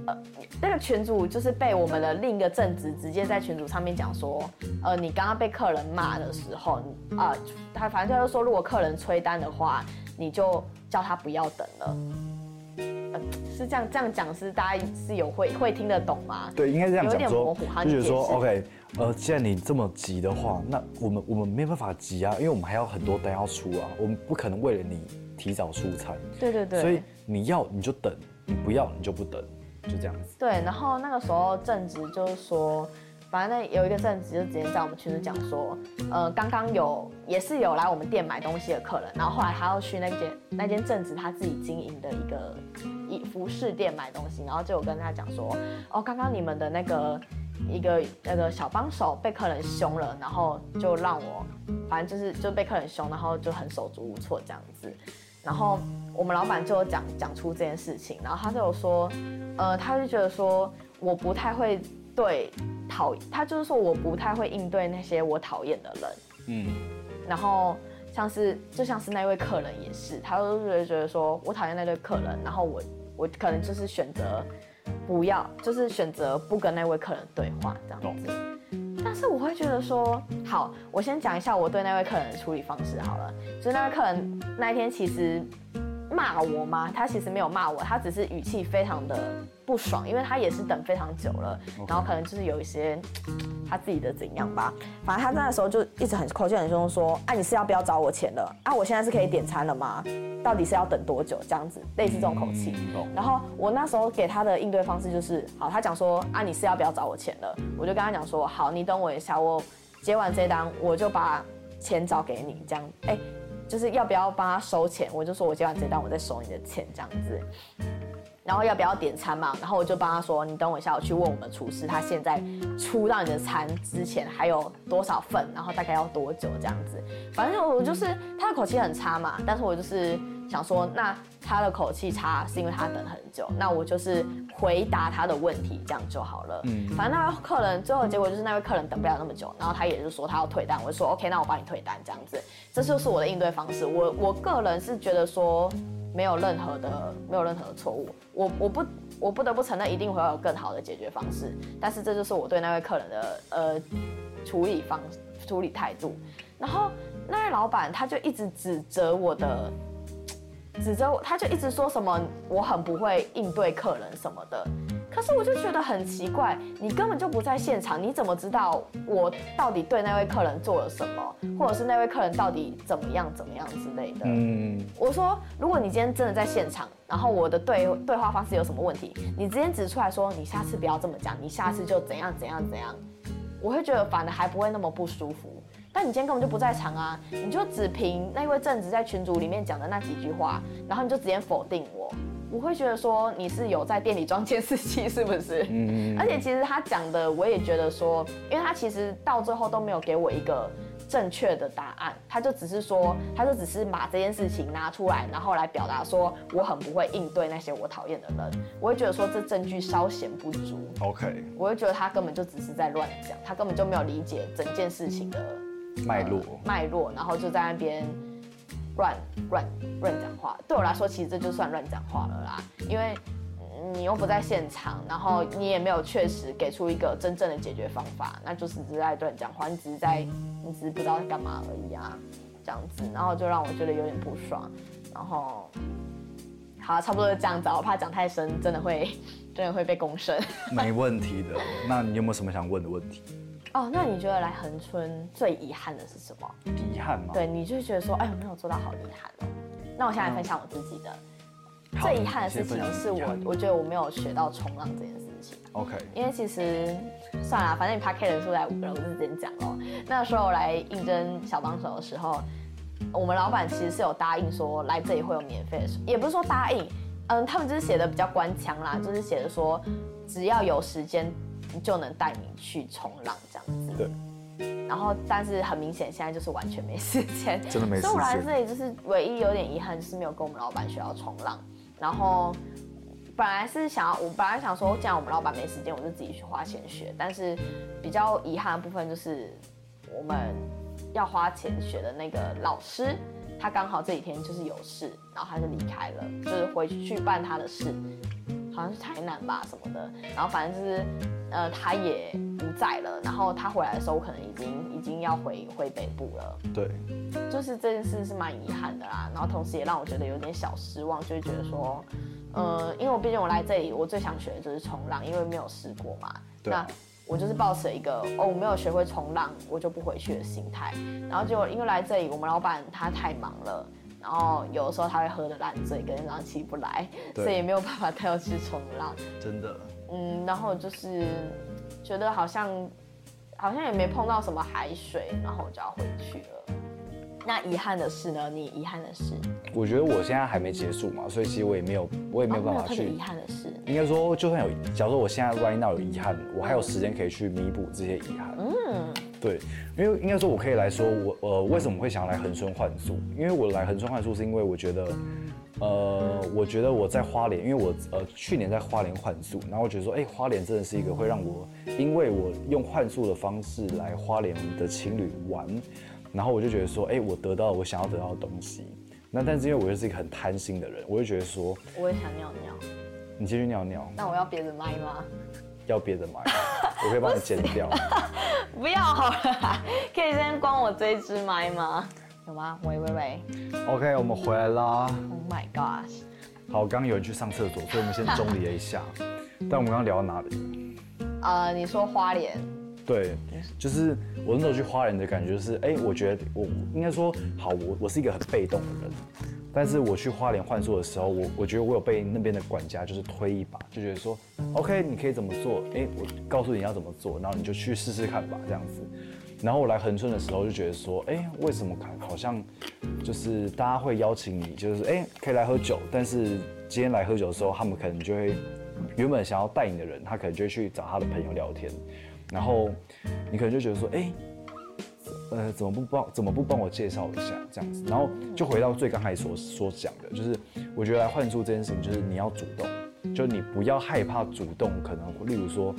呃、那個群組就是被我們的另一個正職直，直接在群組上面講說，呃，你剛剛被客人罵的時候，啊、呃，他反正他就是說，如果客人催單的話，你就叫他不要等了。呃、是這樣這樣講是大家是有會會聽得懂嗎？對，應該這樣講說，有點模糊就說是說，OK，呃，既然你這麼急的話，那我們我們沒辦法急啊，因為我們還有很多單要出啊，我們不可能為了你提早出餐，對對對，所以你要你就等，你不要你就不等，就這樣子。對，然後那個時候正職就是說，反正那有一個正職就直接在我們群組講說，呃，剛剛有也是有來我們店買東西的客人，然後後來他要去那間那間正職他自己經營的一個一服飾店買東西，然後就有跟他講說，哦，剛剛你們的那個一個那個小幫手被客人凶了，然後就讓我反正就是就被客人凶，然後就很手足無措這樣子。然後我們老闆就講，講出這件事情，然後他就有說，呃，他就覺得說我不太會對討，他就是說我不太會應對那些我討厭的人，嗯，然後像是就像是那位客人也是，他都是覺得說我討厭那位客人，然後我我可能就是選擇不要，就是選擇不跟那位客人對話這樣子。哦但是我會覺得說，好，我先講一下我對那位客人的處理方式好了。就是，那位客人那一天其實罵我嗎？他其實沒有罵我，他只是語氣非常的。不爽，因為他也是等非常久了，然後可能就是有一些咳咳他自己的怎樣吧。反正他在那時候就一直很口氣很兇，說：“啊，你是要不要找我錢了？啊，我現在是可以點餐了嗎？到底是要等多久？這樣子，類似這種口氣。”然後我那時候給他的應對方式就是：好，他講說：“啊，你是要不要找我錢了？”我就跟他講說：“好，你等我一下，我接完這單，我就把錢找給你，這樣。欸，就是要不要幫他收錢？我就說我接完這單，我再收你的錢，這樣子。”然後要不要點餐嘛？然後我就幫他說，你等我一下，我去問我們廚師，他現在出到你的餐之前還有多少份，然後大概要多久這樣子。反正我就是他的口氣很差嘛，但是我就是想說，那他的口氣差是因為他等很久，那我就是回答他的問題這樣就好了。嗯，反正那位客人最後結果就是那位客人等不了那麼久，然後他也就說他要退單，我就說 OK，那我幫你退單這樣子。這就是我的應對方式。我我個人是覺得說。沒有任何的，沒有任何的錯誤。我我不我不得不承認，一定會有更好的解決方式。但是這就是我對那位客人的呃處理方處理態度。然後那位老闆他就一直指責我的，指責我，他就一直說什麼我很不會應對客人什麼的。可是我就覺得很奇怪，你根本就不在現場，你怎麼知道我到底對那位客人做了什麼，或者是那位客人到底怎麼樣怎麼樣之類的？嗯，嗯，嗯，我說，如果你今天真的在現場，然後我的對對話方式有什麼問題，你直接指出來說，你下次不要這麼講，你下次就怎樣怎樣怎樣，我會覺得反而還不會那麼不舒服。但你今天根本就不在場啊，你就只憑那位正職在群組裡面講的那幾句話，然後你就直接否定我。我會覺得說你是有在店裡裝監視器，是不是？嗯嗯。而且其實他講的，我也覺得說，因為他其實到最後都沒有給我一個正確的答案，他就只是說，他就只是把這件事情拿出來，然後來表達說我很不會應對那些我討厭的人。我會覺得說這證據稍顯不足。OK。我就覺得他根本就只是在亂講，他根本就沒有理解整件事情的脈絡、呃、脈絡，然後就在那邊。亂亂亂講話，對我來說其實這就算亂講話了啦，因為你又不在現場，然後你也沒有確實給出一個真正的解決方法，那就是只在亂講話，你只是在，你只是不知道幹嘛而已啊，這樣子，然後就讓我覺得有點不爽，然後，好啊，差不多是這樣子啊，我怕講太深，真的會真的會被公審，沒問題的，那你有沒有什麼想問的問題？哦，那你覺得來恆春最遺憾的是什麼？遺憾嗎？對，你就覺得說，哎呦，我沒有做到好遺憾了。哦，那我現在分享我自己的、的最遺憾的事情，是我我覺得我沒有學到衝浪這件事情。OK，因為其實算了，反正你怕 K 的出來，五個人，我就直接講了。哦，那時候我來應徵小幫手的時候，我們老闆其實是有答應說來這裡會有免費的，也不是說答應，嗯，他們就是寫的比較官腔啦，就是寫的說只要有時間。就能帶你去衝浪這樣子，對。然後，但是很明顯，現在就是完全沒時間。真的沒時間。所以我來這裡就是唯一有點遺憾，就是沒有跟我們老板學到衝浪。然後本來是想要，我本來想說，既然我們老板沒時間，我就自己去花錢學。但是比較遺憾的部分就是，我們要花錢學的那個老師，他剛好這幾天就是有事，然後他就離開了，就是回去去辦他的事，好像是台南吧什麼的。然後反正就是。呃，他也不在了。然後他回來的時候，我可能已經已經要回回北部了。對，就是這件事是蠻遺憾的啦。然後同時也讓我覺得有點小失望，就覺得說，呃，因為我畢竟我來這裡，我最想學的就是衝浪，因為沒有試過嘛。對那我就是抱持了一個哦，我沒有學會衝浪，我就不回去的心態。然後結果因為來這裡，我們老闆他太忙了，然後有的時候他會喝得爛醉，跟早上起不來，對所以也沒有辦法帶我去衝浪。真的。嗯，然後就是覺得好像好像也沒碰到什麼海水，然後我就要回去了。那遺憾的是呢？你遺憾的是？我覺得我現在還沒結束嘛，所以其實我也沒有我也沒有辦法去。哦、特別遺憾的事？應該說，就算有，假如說我現在 right now 有遺憾，我還有時間可以去彌補這些遺憾。嗯，對，因為應該說我可以來說，我呃為什麼會想來恆春換宿？因為我來恆春換宿是因為我覺得。呃，我覺得我在花蓮，因為我呃去年在花蓮換宿，然後我覺得說，哎，花蓮真的是一個會讓我，因為我用換宿的方式來花蓮的情侶玩，然後我就覺得說，哎，我得到我想要得到的東西。那但是因為我又是一個很貪心的人，我就覺得說，我也想尿尿，你繼續尿尿，那我要別的麥嗎？要別的麥， 我可以幫你剪掉， 不要好了，可以先關我這一支麥嗎？什麼？喂喂喂！OK，我們回來啦。Oh my god！好，剛剛有人去上廁所，所以我們先中離了一下。 但我們剛剛聊到哪裡？啊，uh, 你說花蓮？對，就是我那時候去花蓮的感覺，就是，哎，我覺得我，我應該說，好，我我是一個很被動的人，但是我去花蓮換宿的時候，我我覺得我有被那邊的管家就是推一把，就覺得說，OK，你可以怎麼做？哎，我告訴你要怎麼做，然後你就去試試看吧，這樣子。然後我來恆春的時候就覺得說，哎、欸，為什麼可好像就是大家會邀請你，就是哎、欸、可以來喝酒，但是今天來喝酒的時候，他們可能就會原本想要帶你的人，他可能就會去找他的朋友聊天，然後你可能就覺得說，哎、欸，呃，怎麼不幫，怎麼不幫我介紹一下這樣子？然後就回到最剛才所，所講的，就是我覺得來換宿這件事情，就是你要主動，就是你不要害怕主動，可能例如說。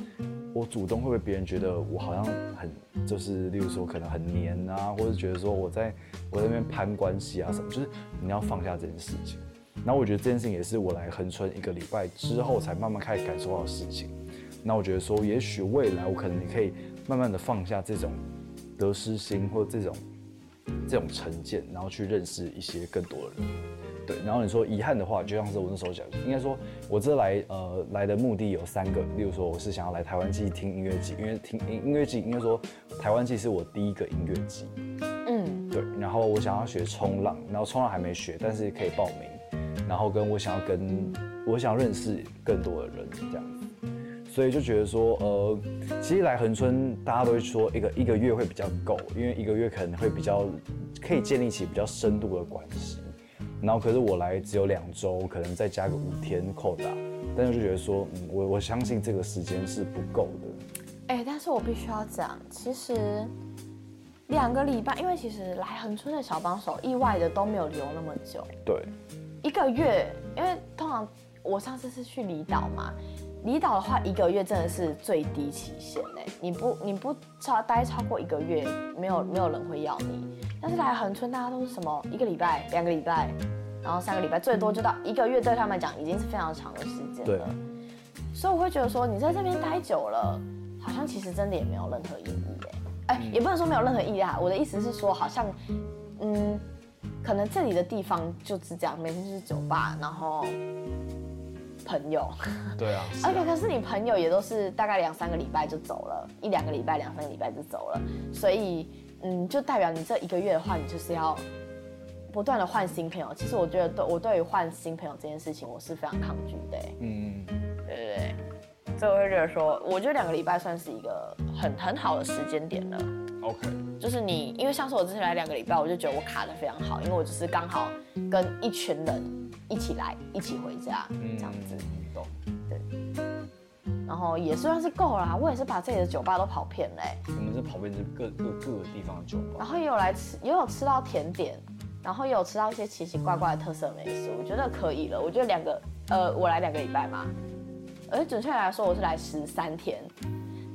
我主動會被別人覺得我好像很就是，例如說可能很黏啊，或者覺得說我在我在那邊攀關係啊什麼，就是你要放下這件事情。那我覺得這件事情也是我來恆春一個禮拜之後才慢慢開始感受到的事情。那我覺得說，也許未來我可能你可以慢慢的放下這種得失心或者這種這種成見，然後去認識一些更多的人。對。然後你說遺憾的話，就像是我那時候講，應該說，我這來呃、來的目的有三個，例如說我是想要來台灣祭聽音樂祭，因為聽音樂祭應該說台灣祭是我第一個音樂祭，嗯，對。然後我想要學衝浪，然後衝浪還沒學，但是可以報名。然後跟我想要跟、嗯、我想要認識更多的人這樣子，所以就覺得說，呃，其實來恆春大家都會說一個一個月會比較夠，因為一個月可能會比較可以建立起比較深度的關係。然後可是我來只有兩周，可能再加個五天扣打，但是就覺得說，嗯，我我相信這個時間是不夠的。哎、欸，但是我必須要講，其實兩個禮拜，因為其實來恆春的小幫手意外的都沒有留那麼久。對，一個月，因為通常我上次是去離島嘛，離島的話一個月真的是最低期限、欸、你不你不超待超過一個月，沒有沒有人會要你。但是來恆春，大家都是什麼？一個禮拜、兩個禮拜，然後三個禮拜，最多就到一個月。對他們來講，已經是非常長的時間了。對啊，所以我會覺得說，你在這邊待久了，好像其實真的也沒有任何意義。哎，哎，也不能說沒有任何意義啊。我的意思是說，好像，嗯，可能這裡的地方就只講，每天就是酒吧，然後朋友。對啊。而且、啊 okay, 可是你朋友也都是大概兩三個禮拜就走了，一兩個禮拜、兩三個禮拜就走了，所以。嗯，就代表你這一個月的話，你就是要不斷的換新朋友。其實我覺得對，對我對於換新朋友這件事情，我是非常抗拒的欸。嗯，對不對、對？所以我會覺得說，我覺得兩個禮拜算是一個很很好的時間點了。OK，就是你，因為像是我之前來兩個禮拜，我就覺得我卡得非常好，因為我就是剛好跟一群人一起來，一起回家，嗯，這樣子。沒錯。對。然後也算是夠啦、啊，我也是把這裡的酒吧都跑遍嘞、欸。我們是跑遍各各各個地方的酒吧。然後也有來吃，也有吃到甜點，然後也有吃到一些奇奇怪怪的特色美食。嗯、我覺得可以了。我覺得兩個，呃，我來兩個禮拜嘛，而且準確來說，我是來十三天。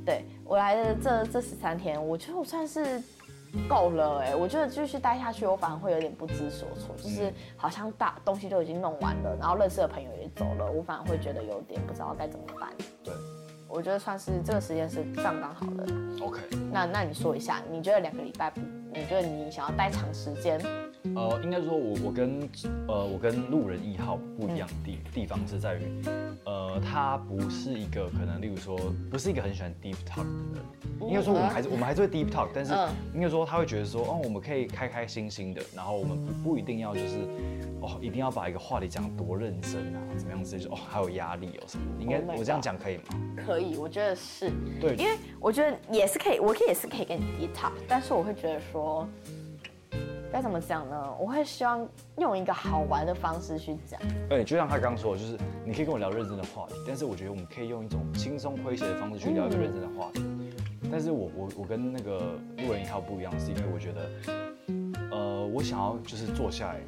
對，我來的這這十三天，我覺得我算是夠了哎、欸。我覺得繼續待下去，我反而會有點不知所措，就是好像大東西都已經弄完了，然後認識的朋友也走了，我反而會覺得有點不知道該怎麼辦。我覺得算是這個時間是上剛好的。OK，那那你說一下，你覺得兩個禮拜不？你覺得你想要待長時間？呃，應該說我，我我跟，呃，我跟路人一號不一樣的地、嗯、地方是在於，呃，他不是一個可能，例如說，不是一個很喜歡 deep talk 的人。嗯、應該說，我們還是、嗯、我們還是會 deep talk，但是應該說，他會覺得說，哦，我們可以開開心心的，然後我們不不一定要就是，哦，一定要把一個話題講得多認真啊，怎麼樣子？子就哦，還有壓力哦、喔、什麼的？應該我這樣講可以嗎？可以，我覺得是。對，因為我覺得也是可以，我也是可以跟你 deep talk，但是我會覺得說。該怎麼講呢？我會希望用一個好玩的方式去講。哎，就像他剛剛說的，就是你可以跟我聊認真的話題，但是我覺得我們可以用一種輕鬆詼諧的方式去聊一個認真的話題。嗯、但是我我我跟那個路人一號不一樣，是因為我覺得，呃，我想要就是坐下來，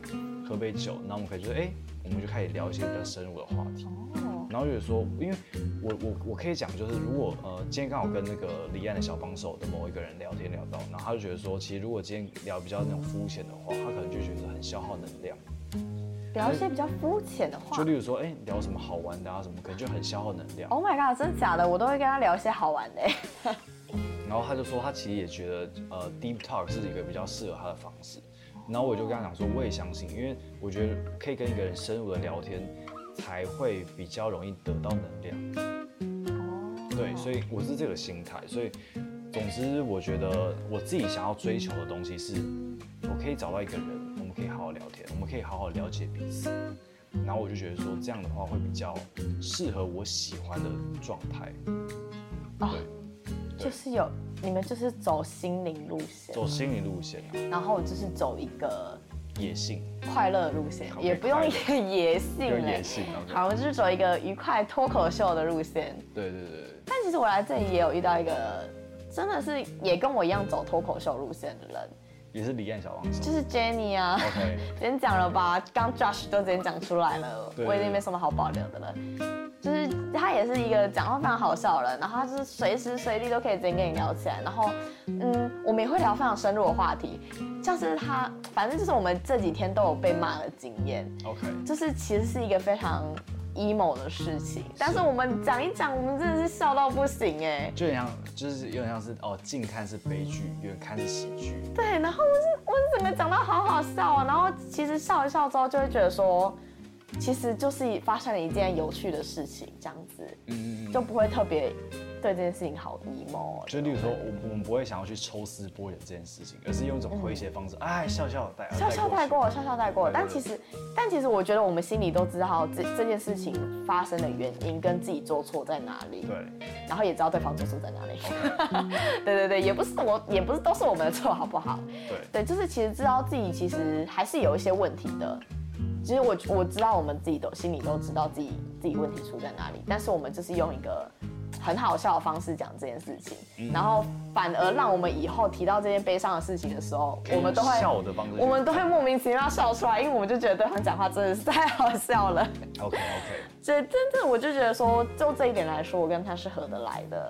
喝杯酒，那我們可以覺得哎。誒我們就開始聊一些比較深入的話題，oh. 然後就覺得說，因為我我我可以講，就是如果呃今天剛好跟那個離岸的小幫手的某一個人聊天聊到，然後他就覺得說，其實如果今天聊比較那種膚淺的話，他可能就覺得很消耗能量，聊一些比較膚淺的話，就例如說，哎、欸、聊什麼好玩的啊什麼，可能就很消耗能量。Oh my god，真的假的？我都會跟他聊一些好玩的。 然後他就說，他其實也覺得呃 deep talk 是一個比較適合他的方式。然後我就跟他講說，我也相信，因為我覺得可以跟一個人深入的聊天，才會比較容易得到能量。哦，對，嗯哦、所以我是這個心態。所以，總之我覺得我自己想要追求的東西是，我可以找到一個人，我們可以好好聊天，我們可以好好了解彼此。然後我就覺得說，這樣的話會比較適合我喜歡的狀態。哦、對，對就是有。你們就是走心靈路線，走心靈路線，啊，然後就是走一個野性快樂路線，也不用野性野性，好，我就是走一個愉快脫口秀的路線。對對對。但其實我來這裡也有遇到一個，真的是也跟我一樣走脫口秀路線的人。也是李艷小王子，就是 Jenny 啊。OK，先講了吧，Okay. 剛 Josh 都直接講出來了， 對我已經沒什麼好保留的了。就是他也是一個講話非常好笑的人，然後他就是隨時隨地都可以直接跟你聊起來，然後嗯，我們也會聊非常深入的話題，像是他，反正就是我們這幾天都有被罵的經驗。OK，就是其實是一個非常。陰謀的事情，但是我們講一講，是我們真的是笑到不行哎，就有點像，就是有點像是哦，近看是悲劇，遠看是喜劇。對，然後我們我是怎麼講到好好笑啊，然後其實笑一笑之後，就會覺得說，其實就是發生了一件有趣的事情，這樣子，嗯嗯嗯，就不會特別。對這件事情好 emo 啊，就是例如說我，我對我們不會想要去抽絲剝繭這件事情，而是用一種詼諧方式，嗯、哎，笑笑帶，笑笑帶過，帶過，笑笑帶過。對對對，但其實，但其實我覺得我們心裡都知道這這件事情發生的原因跟自己做錯在哪裡，對，然後也知道對方做錯在哪裡。 對對對，也不是我，也不是都是我們的錯，好不好？對，對，就是其實知道自己其實還是有一些問題的。其實我我知道我們自己都心裡都知道自己自己問題出在哪裡，但是我們就是用一個。很好笑的方式講這件事情，嗯、然後反而讓我們以後提到這件悲傷的事情的時候，給我，我們都會笑，我們都會莫名其妙笑出來，因為我們就覺得對方講話真的是太好笑了。OK OK，所以真的我就覺得說，就這一點來說，我跟他是合得來的。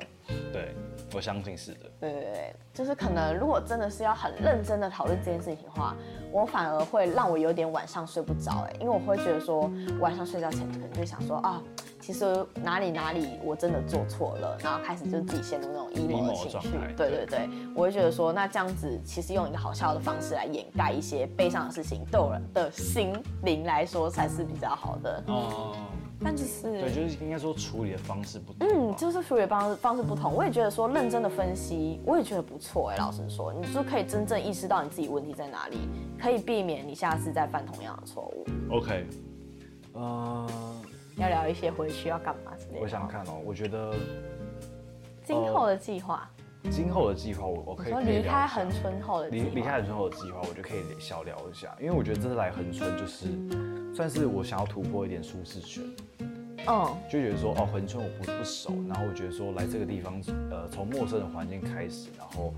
對，我相信是的。對對對，就是可能如果真的是要很認真的討論這件事情的話，嗯、我反而會讓我有點晚上睡不着哎，欸，因為我會覺得說晚上睡覺前可能就想說啊。其實哪裡哪裡，我真的做錯了，然後開始就自己陷入那種依戀的情緒。對對對，我會覺得說，那這樣子其實用一個好笑的方式來掩蓋一些悲傷的事情，對我的心靈來說才是比較好的。哦、嗯，但就是對，就是應該說處理的方式不同。嗯，就是處理方方式不同。我也覺得說，認真的分析，我也覺得不錯哎、欸。老實說，你就是可以真正意識到你自己問題在哪裡，可以避免你下次再犯同樣的錯誤。OK，嗯、呃。要聊一些回去要幹嘛之類的。我想要看哦，我覺得。呃、今後的計劃。今後的，後，後的計劃，我我可以。離開恆春後的。離離開恆春後的計劃，嗯、我就可以小聊一下，因為我覺得這次來恆春就是、嗯、算是我想要突破一點舒適圈。嗯。就覺得說哦，恆春我不不熟，然後我覺得說來這個地方，呃，從陌生的環境開始，然後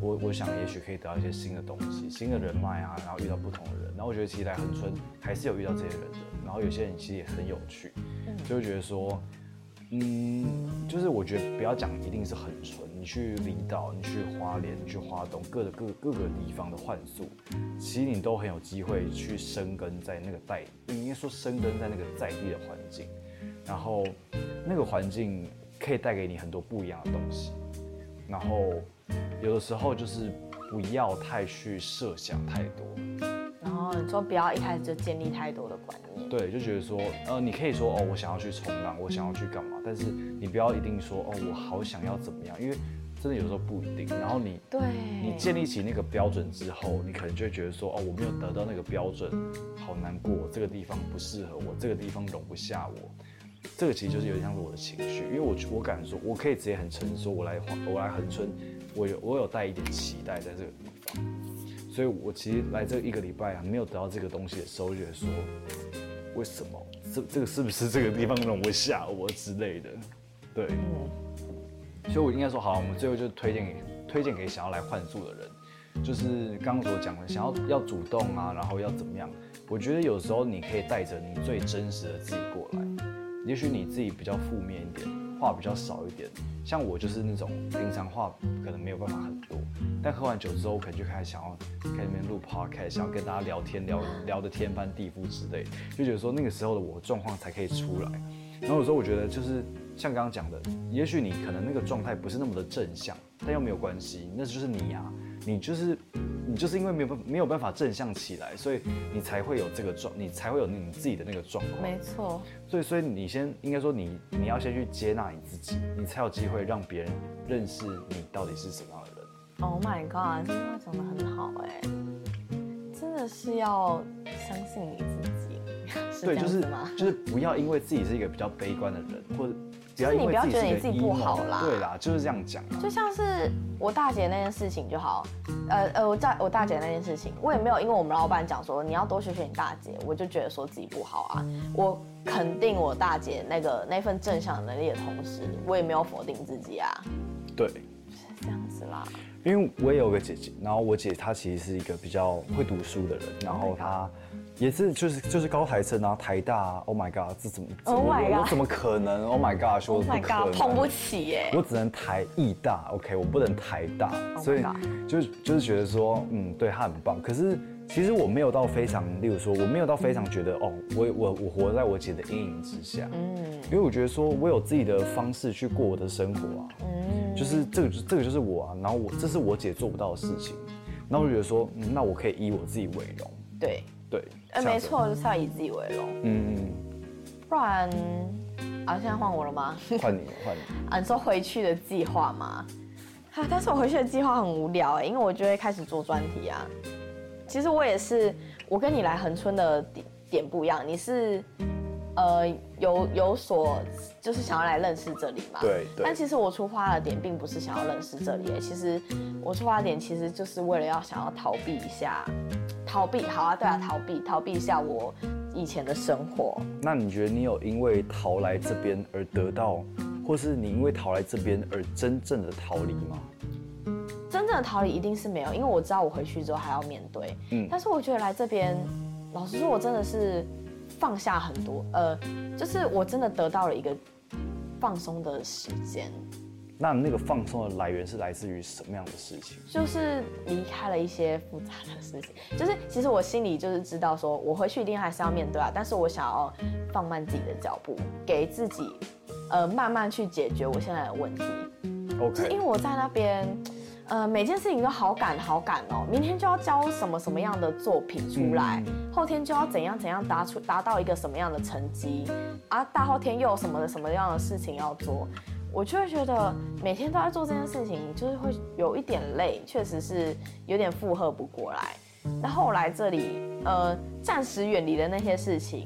我我想也許可以得到一些新的東西、新的人脈啊，然後遇到不同的人。然後我覺得其實來恆春還是有遇到這些人的。嗯嗯然後有些人其實也很有趣，嗯、就會覺得說，嗯，就是我覺得不要講一定是很純，你去離島，你去花蓮，你去花東各各個各個地方的換宿，其實你都很有機會去生根在那個帶，不應該說生根在那個在地的環境，然後那個環境可以帶給你很多不一樣的東西，然後有的時候就是。不要太去設想太多，然後你說不要一開始就建立太多的觀念，對，就覺得說，呃，你可以說哦，我想要去衝浪，我想要去幹嘛，但是你不要一定說哦，我好想要怎麼樣，因為真的有時候不一定。然後你對，你建立起那個標準之後，你可能就會覺得說，哦，我沒有得到那個標準，好難過，這個地方不適合我，這個地方容不下我，這個其實就是有點像我的情緒，因為我我敢說，我可以直接很誠實，我來我來恆春。我有我有帶一點期待在這個地方。所以我其實來這個一個禮拜啊，沒有得到這個東西的時候，覺得說，為什麼這這個是不是這個地方讓我嚇我之類的，對，所以我應該說好，我們最後就推薦給推薦給想要來換宿的人，就是剛剛所講的，想要要主動啊，然後要怎麼樣？我覺得有時候你可以帶着你最真實的自己過來，也許你自己比較負面一點，話比較少一點，像我就是那種平常話可能沒有辦法很多，但喝完酒之後我可能就開始想要開始面錄 podcast，想要跟大家聊天聊聊得，天翻地覆之類，就覺得說那個時候的我狀況才可以出來。然後有時候我覺得就是像剛剛講的，也許你可能那個狀態不是那麼的正向，但又沒有關係，那就是你啊。你就是，你就是因為沒有沒有辦法正向起來，所以你才會有這個狀，你才會有你自己的那個狀況。沒錯錯。所以，所以你先應該說你，你要先去接納你自己，你才有機會讓別人認識你到底是什麼樣的人。Oh my God，這句話講得很好哎，真的是要相信你自己。 對，就是，就是不要因為自己是一個比較悲觀的人，或者。是，你不要覺得你自己不好啦。自己自己對啦，就是這樣講啊。就像是我大姐那件事情就好，呃呃，我大我大姐那件事情，我也沒有因為我們老板講說你要多學學你大姐，我就覺得說自己不好啊。我肯定我大姐那個那份正向能力的同時，我也沒有否定自己啊。對，是這樣子啦。因為我也有個姐姐，然後我姐她其實是一個比較會讀書的人，然後她也是就是就是高台生啊，然後臺大啊，Oh my God，這怎麼，怎麼，Oh my God，我，我怎麼可能，Oh my gosh，Oh my God，我不可能，碰不起耶，我只能台藝大，OK，我不能臺大，Oh my God，所以就是就是覺得說，嗯，對她很棒，可是。其實我沒有到非常，例如說，我沒有到非常覺得哦，我我我活在我姐的陰影之下，嗯，因為我覺得說，我有自己的方式去過我的生活啊，嗯，就是這個就這個就是我啊，然後我這是我姐做不到的事情，然後我覺得說，嗯，那我可以以我自己為榮，對對，哎，沒錯，就是要以自己為榮，嗯嗯，不然啊，現在換我了嗎？換你，換你，啊，你說回去的計劃嗎啊，但是我回去的計劃很無聊哎、欸，因為我就會開始做專題啊。其實我也是，我跟你來恆春的點，點不一樣，你是，呃，有有所，就是想要來認識這裡嘛。對。對，但其實我出發的點並不是想要認識這裡，其實我出發的點其實就是為了要想要逃避一下，逃避，好啊，對啊，逃避，逃避一下我以前的生活。那你覺得你有因為逃來這邊而得到，或是你因為逃來這邊而真正的逃離嗎？逃離一定是沒有，因為我知道我回去之後還要面對。嗯，但是我覺得來這邊，老實說，我真的是放下很多。呃，就是我真的得到了一個放鬆的時間。那那個放鬆的來源是來自於什麼樣的事情？就是離開了一些複雜的事情。就是其實我心裡就是知道，說我回去一定還是要面對啊。但是我想要放慢自己的腳步，給自己，呃，慢慢去解決我現在的問題。Okay，就是因為我在那邊。呃，每件事情都好趕，好趕哦！明天就要交什麼什麼樣的作品出來，後天就要怎樣怎樣達出達到一個什麼樣的成績，啊，大後天又有什麼什麼樣的事情要做，我就會覺得每天都在做這件事情，就是會有一點累，確實是有點負荷不過來。那後來這裡呃，暫時遠離了那些事情，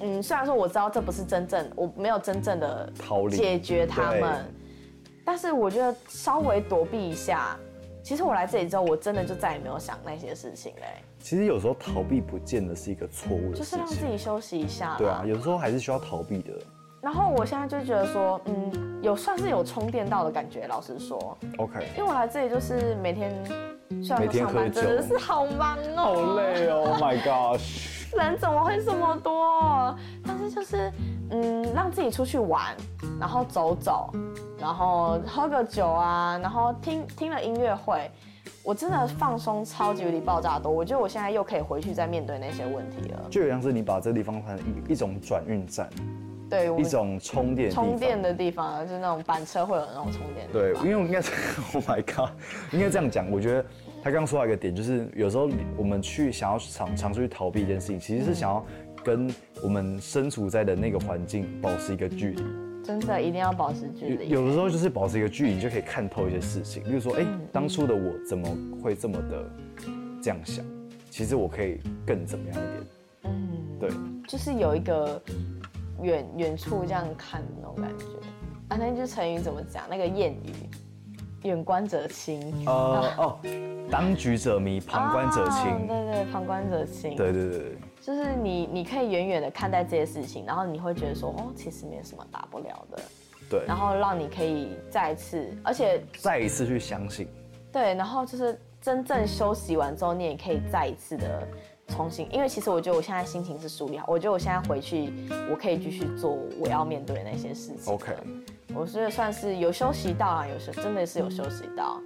嗯，雖然說我知道這不是真正，我沒有真正的解決他們。但是我覺得稍微躲避一下，其實我來這裡之後，我真的就再也沒有想那些事情嘞。其實有時候逃避不見得是一個錯誤，就是讓自己休息一下。對啊，有時候還是需要逃避的。然後我現在就覺得說，嗯，有算是有充電到的感覺。老實說，OK，因為我來這裡就是每天需要上班，真的是好忙哦，好累哦，Oh My God， 人怎麼會這麼多？但是就是。嗯，讓自己出去玩，然後走走，然後喝個酒啊，然後聽聽了音樂會，我真的放鬆超級有點爆炸多。我覺得我現在又可以回去再面對那些問題了。就像是你把這地方看成一種轉運站，對，一種充電充電的地方，就是那種板車會有那種充電的。對，因為我應該，Oh my god，應該這樣講。我覺得他剛剛說到一個點，就是有時候我們去想要嘗嘗試去逃避一件事情，其實是想要。嗯跟我們身處在的那個環境保持一個距離，嗯，真的一定要保持距離。有的時候就是保持一個距離，你就可以看透一些事情。比如說，哎、欸，嗯、當初的我怎麼會這麼的這樣想？其實我可以更怎麼樣一點？嗯，對，就是有一個遠遠處這樣看的那種感覺啊。那句成語怎麼講？那個諺語？遠觀者清。呃，然後，哦，當局者迷，旁觀者清。啊，對對，旁觀者清。對對對，就是你，你可以遠遠的看待這些事情，然後你會覺得說，哦，其實沒有什麼大不了的。對。然後讓你可以再一次，而且再一次去相信。對，然後就是真正休息完之後，你也可以再一次的重新，因為其實我覺得我現在心情是梳理好，我覺得我現在回去，我可以繼續做我要面對的那些事情。OK。我覺得算是有休息到啊，有時候真的是有休息到。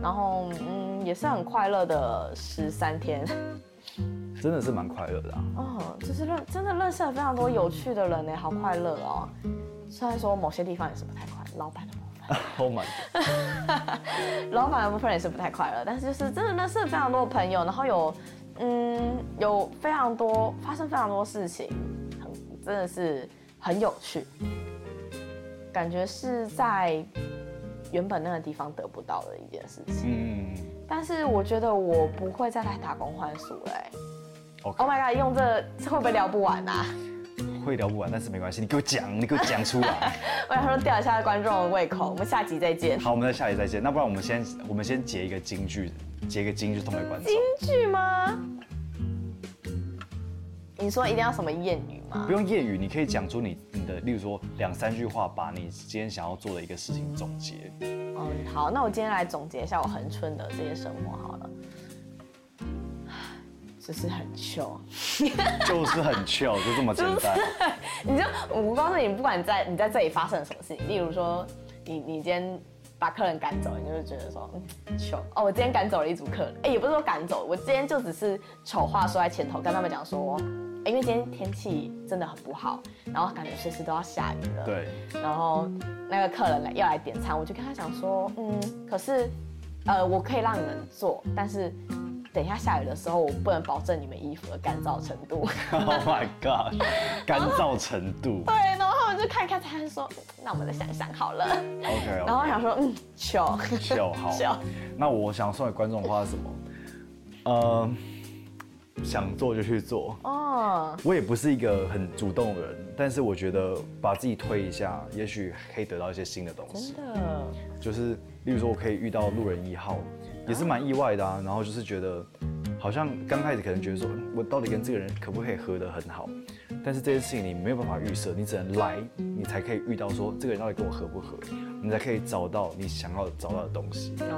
然後嗯，也是很快樂的十三天，真的是蠻快樂的啊。哦、嗯，就是認真的認識了非常多有趣的人呢、欸，好快樂哦！雖然說某些地方也是不太快老闆的部分，老闆的部分也是不太快樂，但是就是真的認識了非常多朋友，然後有，嗯，有非常多發生，非常多事情，很真的是很有趣。感覺是在原本那個地方得不到的一件事情。嗯，嗯，嗯，但是我覺得我不會再來打工換宿了 o m g 用這個，會不會聊不完啊？會聊不完，但是沒關係，你給我講，你給我講出來。 我想說吊一下觀眾的胃口，我們下集再見。好，我們在下集再見。那不然我們先我們先截一個金句，截一個金句，同快觀眾。金句嗎？你說一定要什麼諺語嗎？不用諺語，你可以講出你你的，例如說兩三句話，把你今天想要做的一個事情總結。嗯，對好，那我今天來總結一下我恆春的這些生活好了，唉，這是很 chill，就是很 chill，就是很 chill，就這麼簡單。就是，你就我不告訴你，不管你在你在這裡發生了什麼事情，例如說你你今天。把客人趕走，你就會覺得說，嗯，糗哦。我今天趕走了一組客人，哎、欸，也不是說趕走，我今天就只是醜話說在前頭，跟他們講說，哎、欸，因為今天天氣真的很不好，然後感覺隨時都要下雨了。對。然後那個客人來，要來點餐，我就跟他講說，嗯，可是，呃，我可以讓你們坐，但是。等一下下雨的時候，我不能保證你們衣服的乾燥程度。 oh my god！乾燥程度。對，然後他們就看看，他就說：“那我們再想想好了。” OK, okay。然後想說：“嗯，巧巧好。糗”那我想送給觀眾的話是什麼？呃， uh, 想做就去做。哦。Oh. 我也不是一個很主動的人，但是我覺得把自己推一下，也許可以得到一些新的東西。真的。就是，例如說我可以遇到路人一號。也是蠻意外的啊，然後就是覺得。好像剛開始可能覺得說，我到底跟這個人可不可以合得很好？但是這些事情你沒有辦法預設，你只能來，你才可以遇到說這個人到底跟我合不合，你才可以找到你想要找到的東西。哦,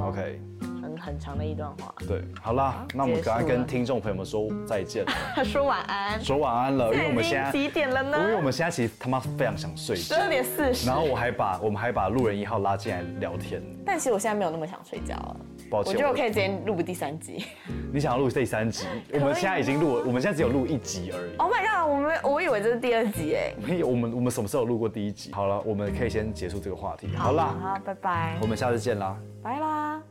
哦，OK，很很長的一段話。對，好啦，那我們趕快跟聽眾朋友們說再見。他束說晚安，說晚安了，因為我們現在,現在幾點了呢？因為我們現在其實他媽非常想睡覺。十二點四十。然後我還把我們還把路人一號拉進來聊天。但其實我現在沒有那麼想睡覺了。我覺得我可以今天錄第三集。嗯，你想要錄第三集？ 我們現在已經錄，我們現在只有錄一集而已。Oh my god！我們我以為這是第二集哎。我們我們什麼時候錄過第一集？好了，我們可以先結束這個話題。好啦，好，好，拜拜。我們下次見啦，拜啦。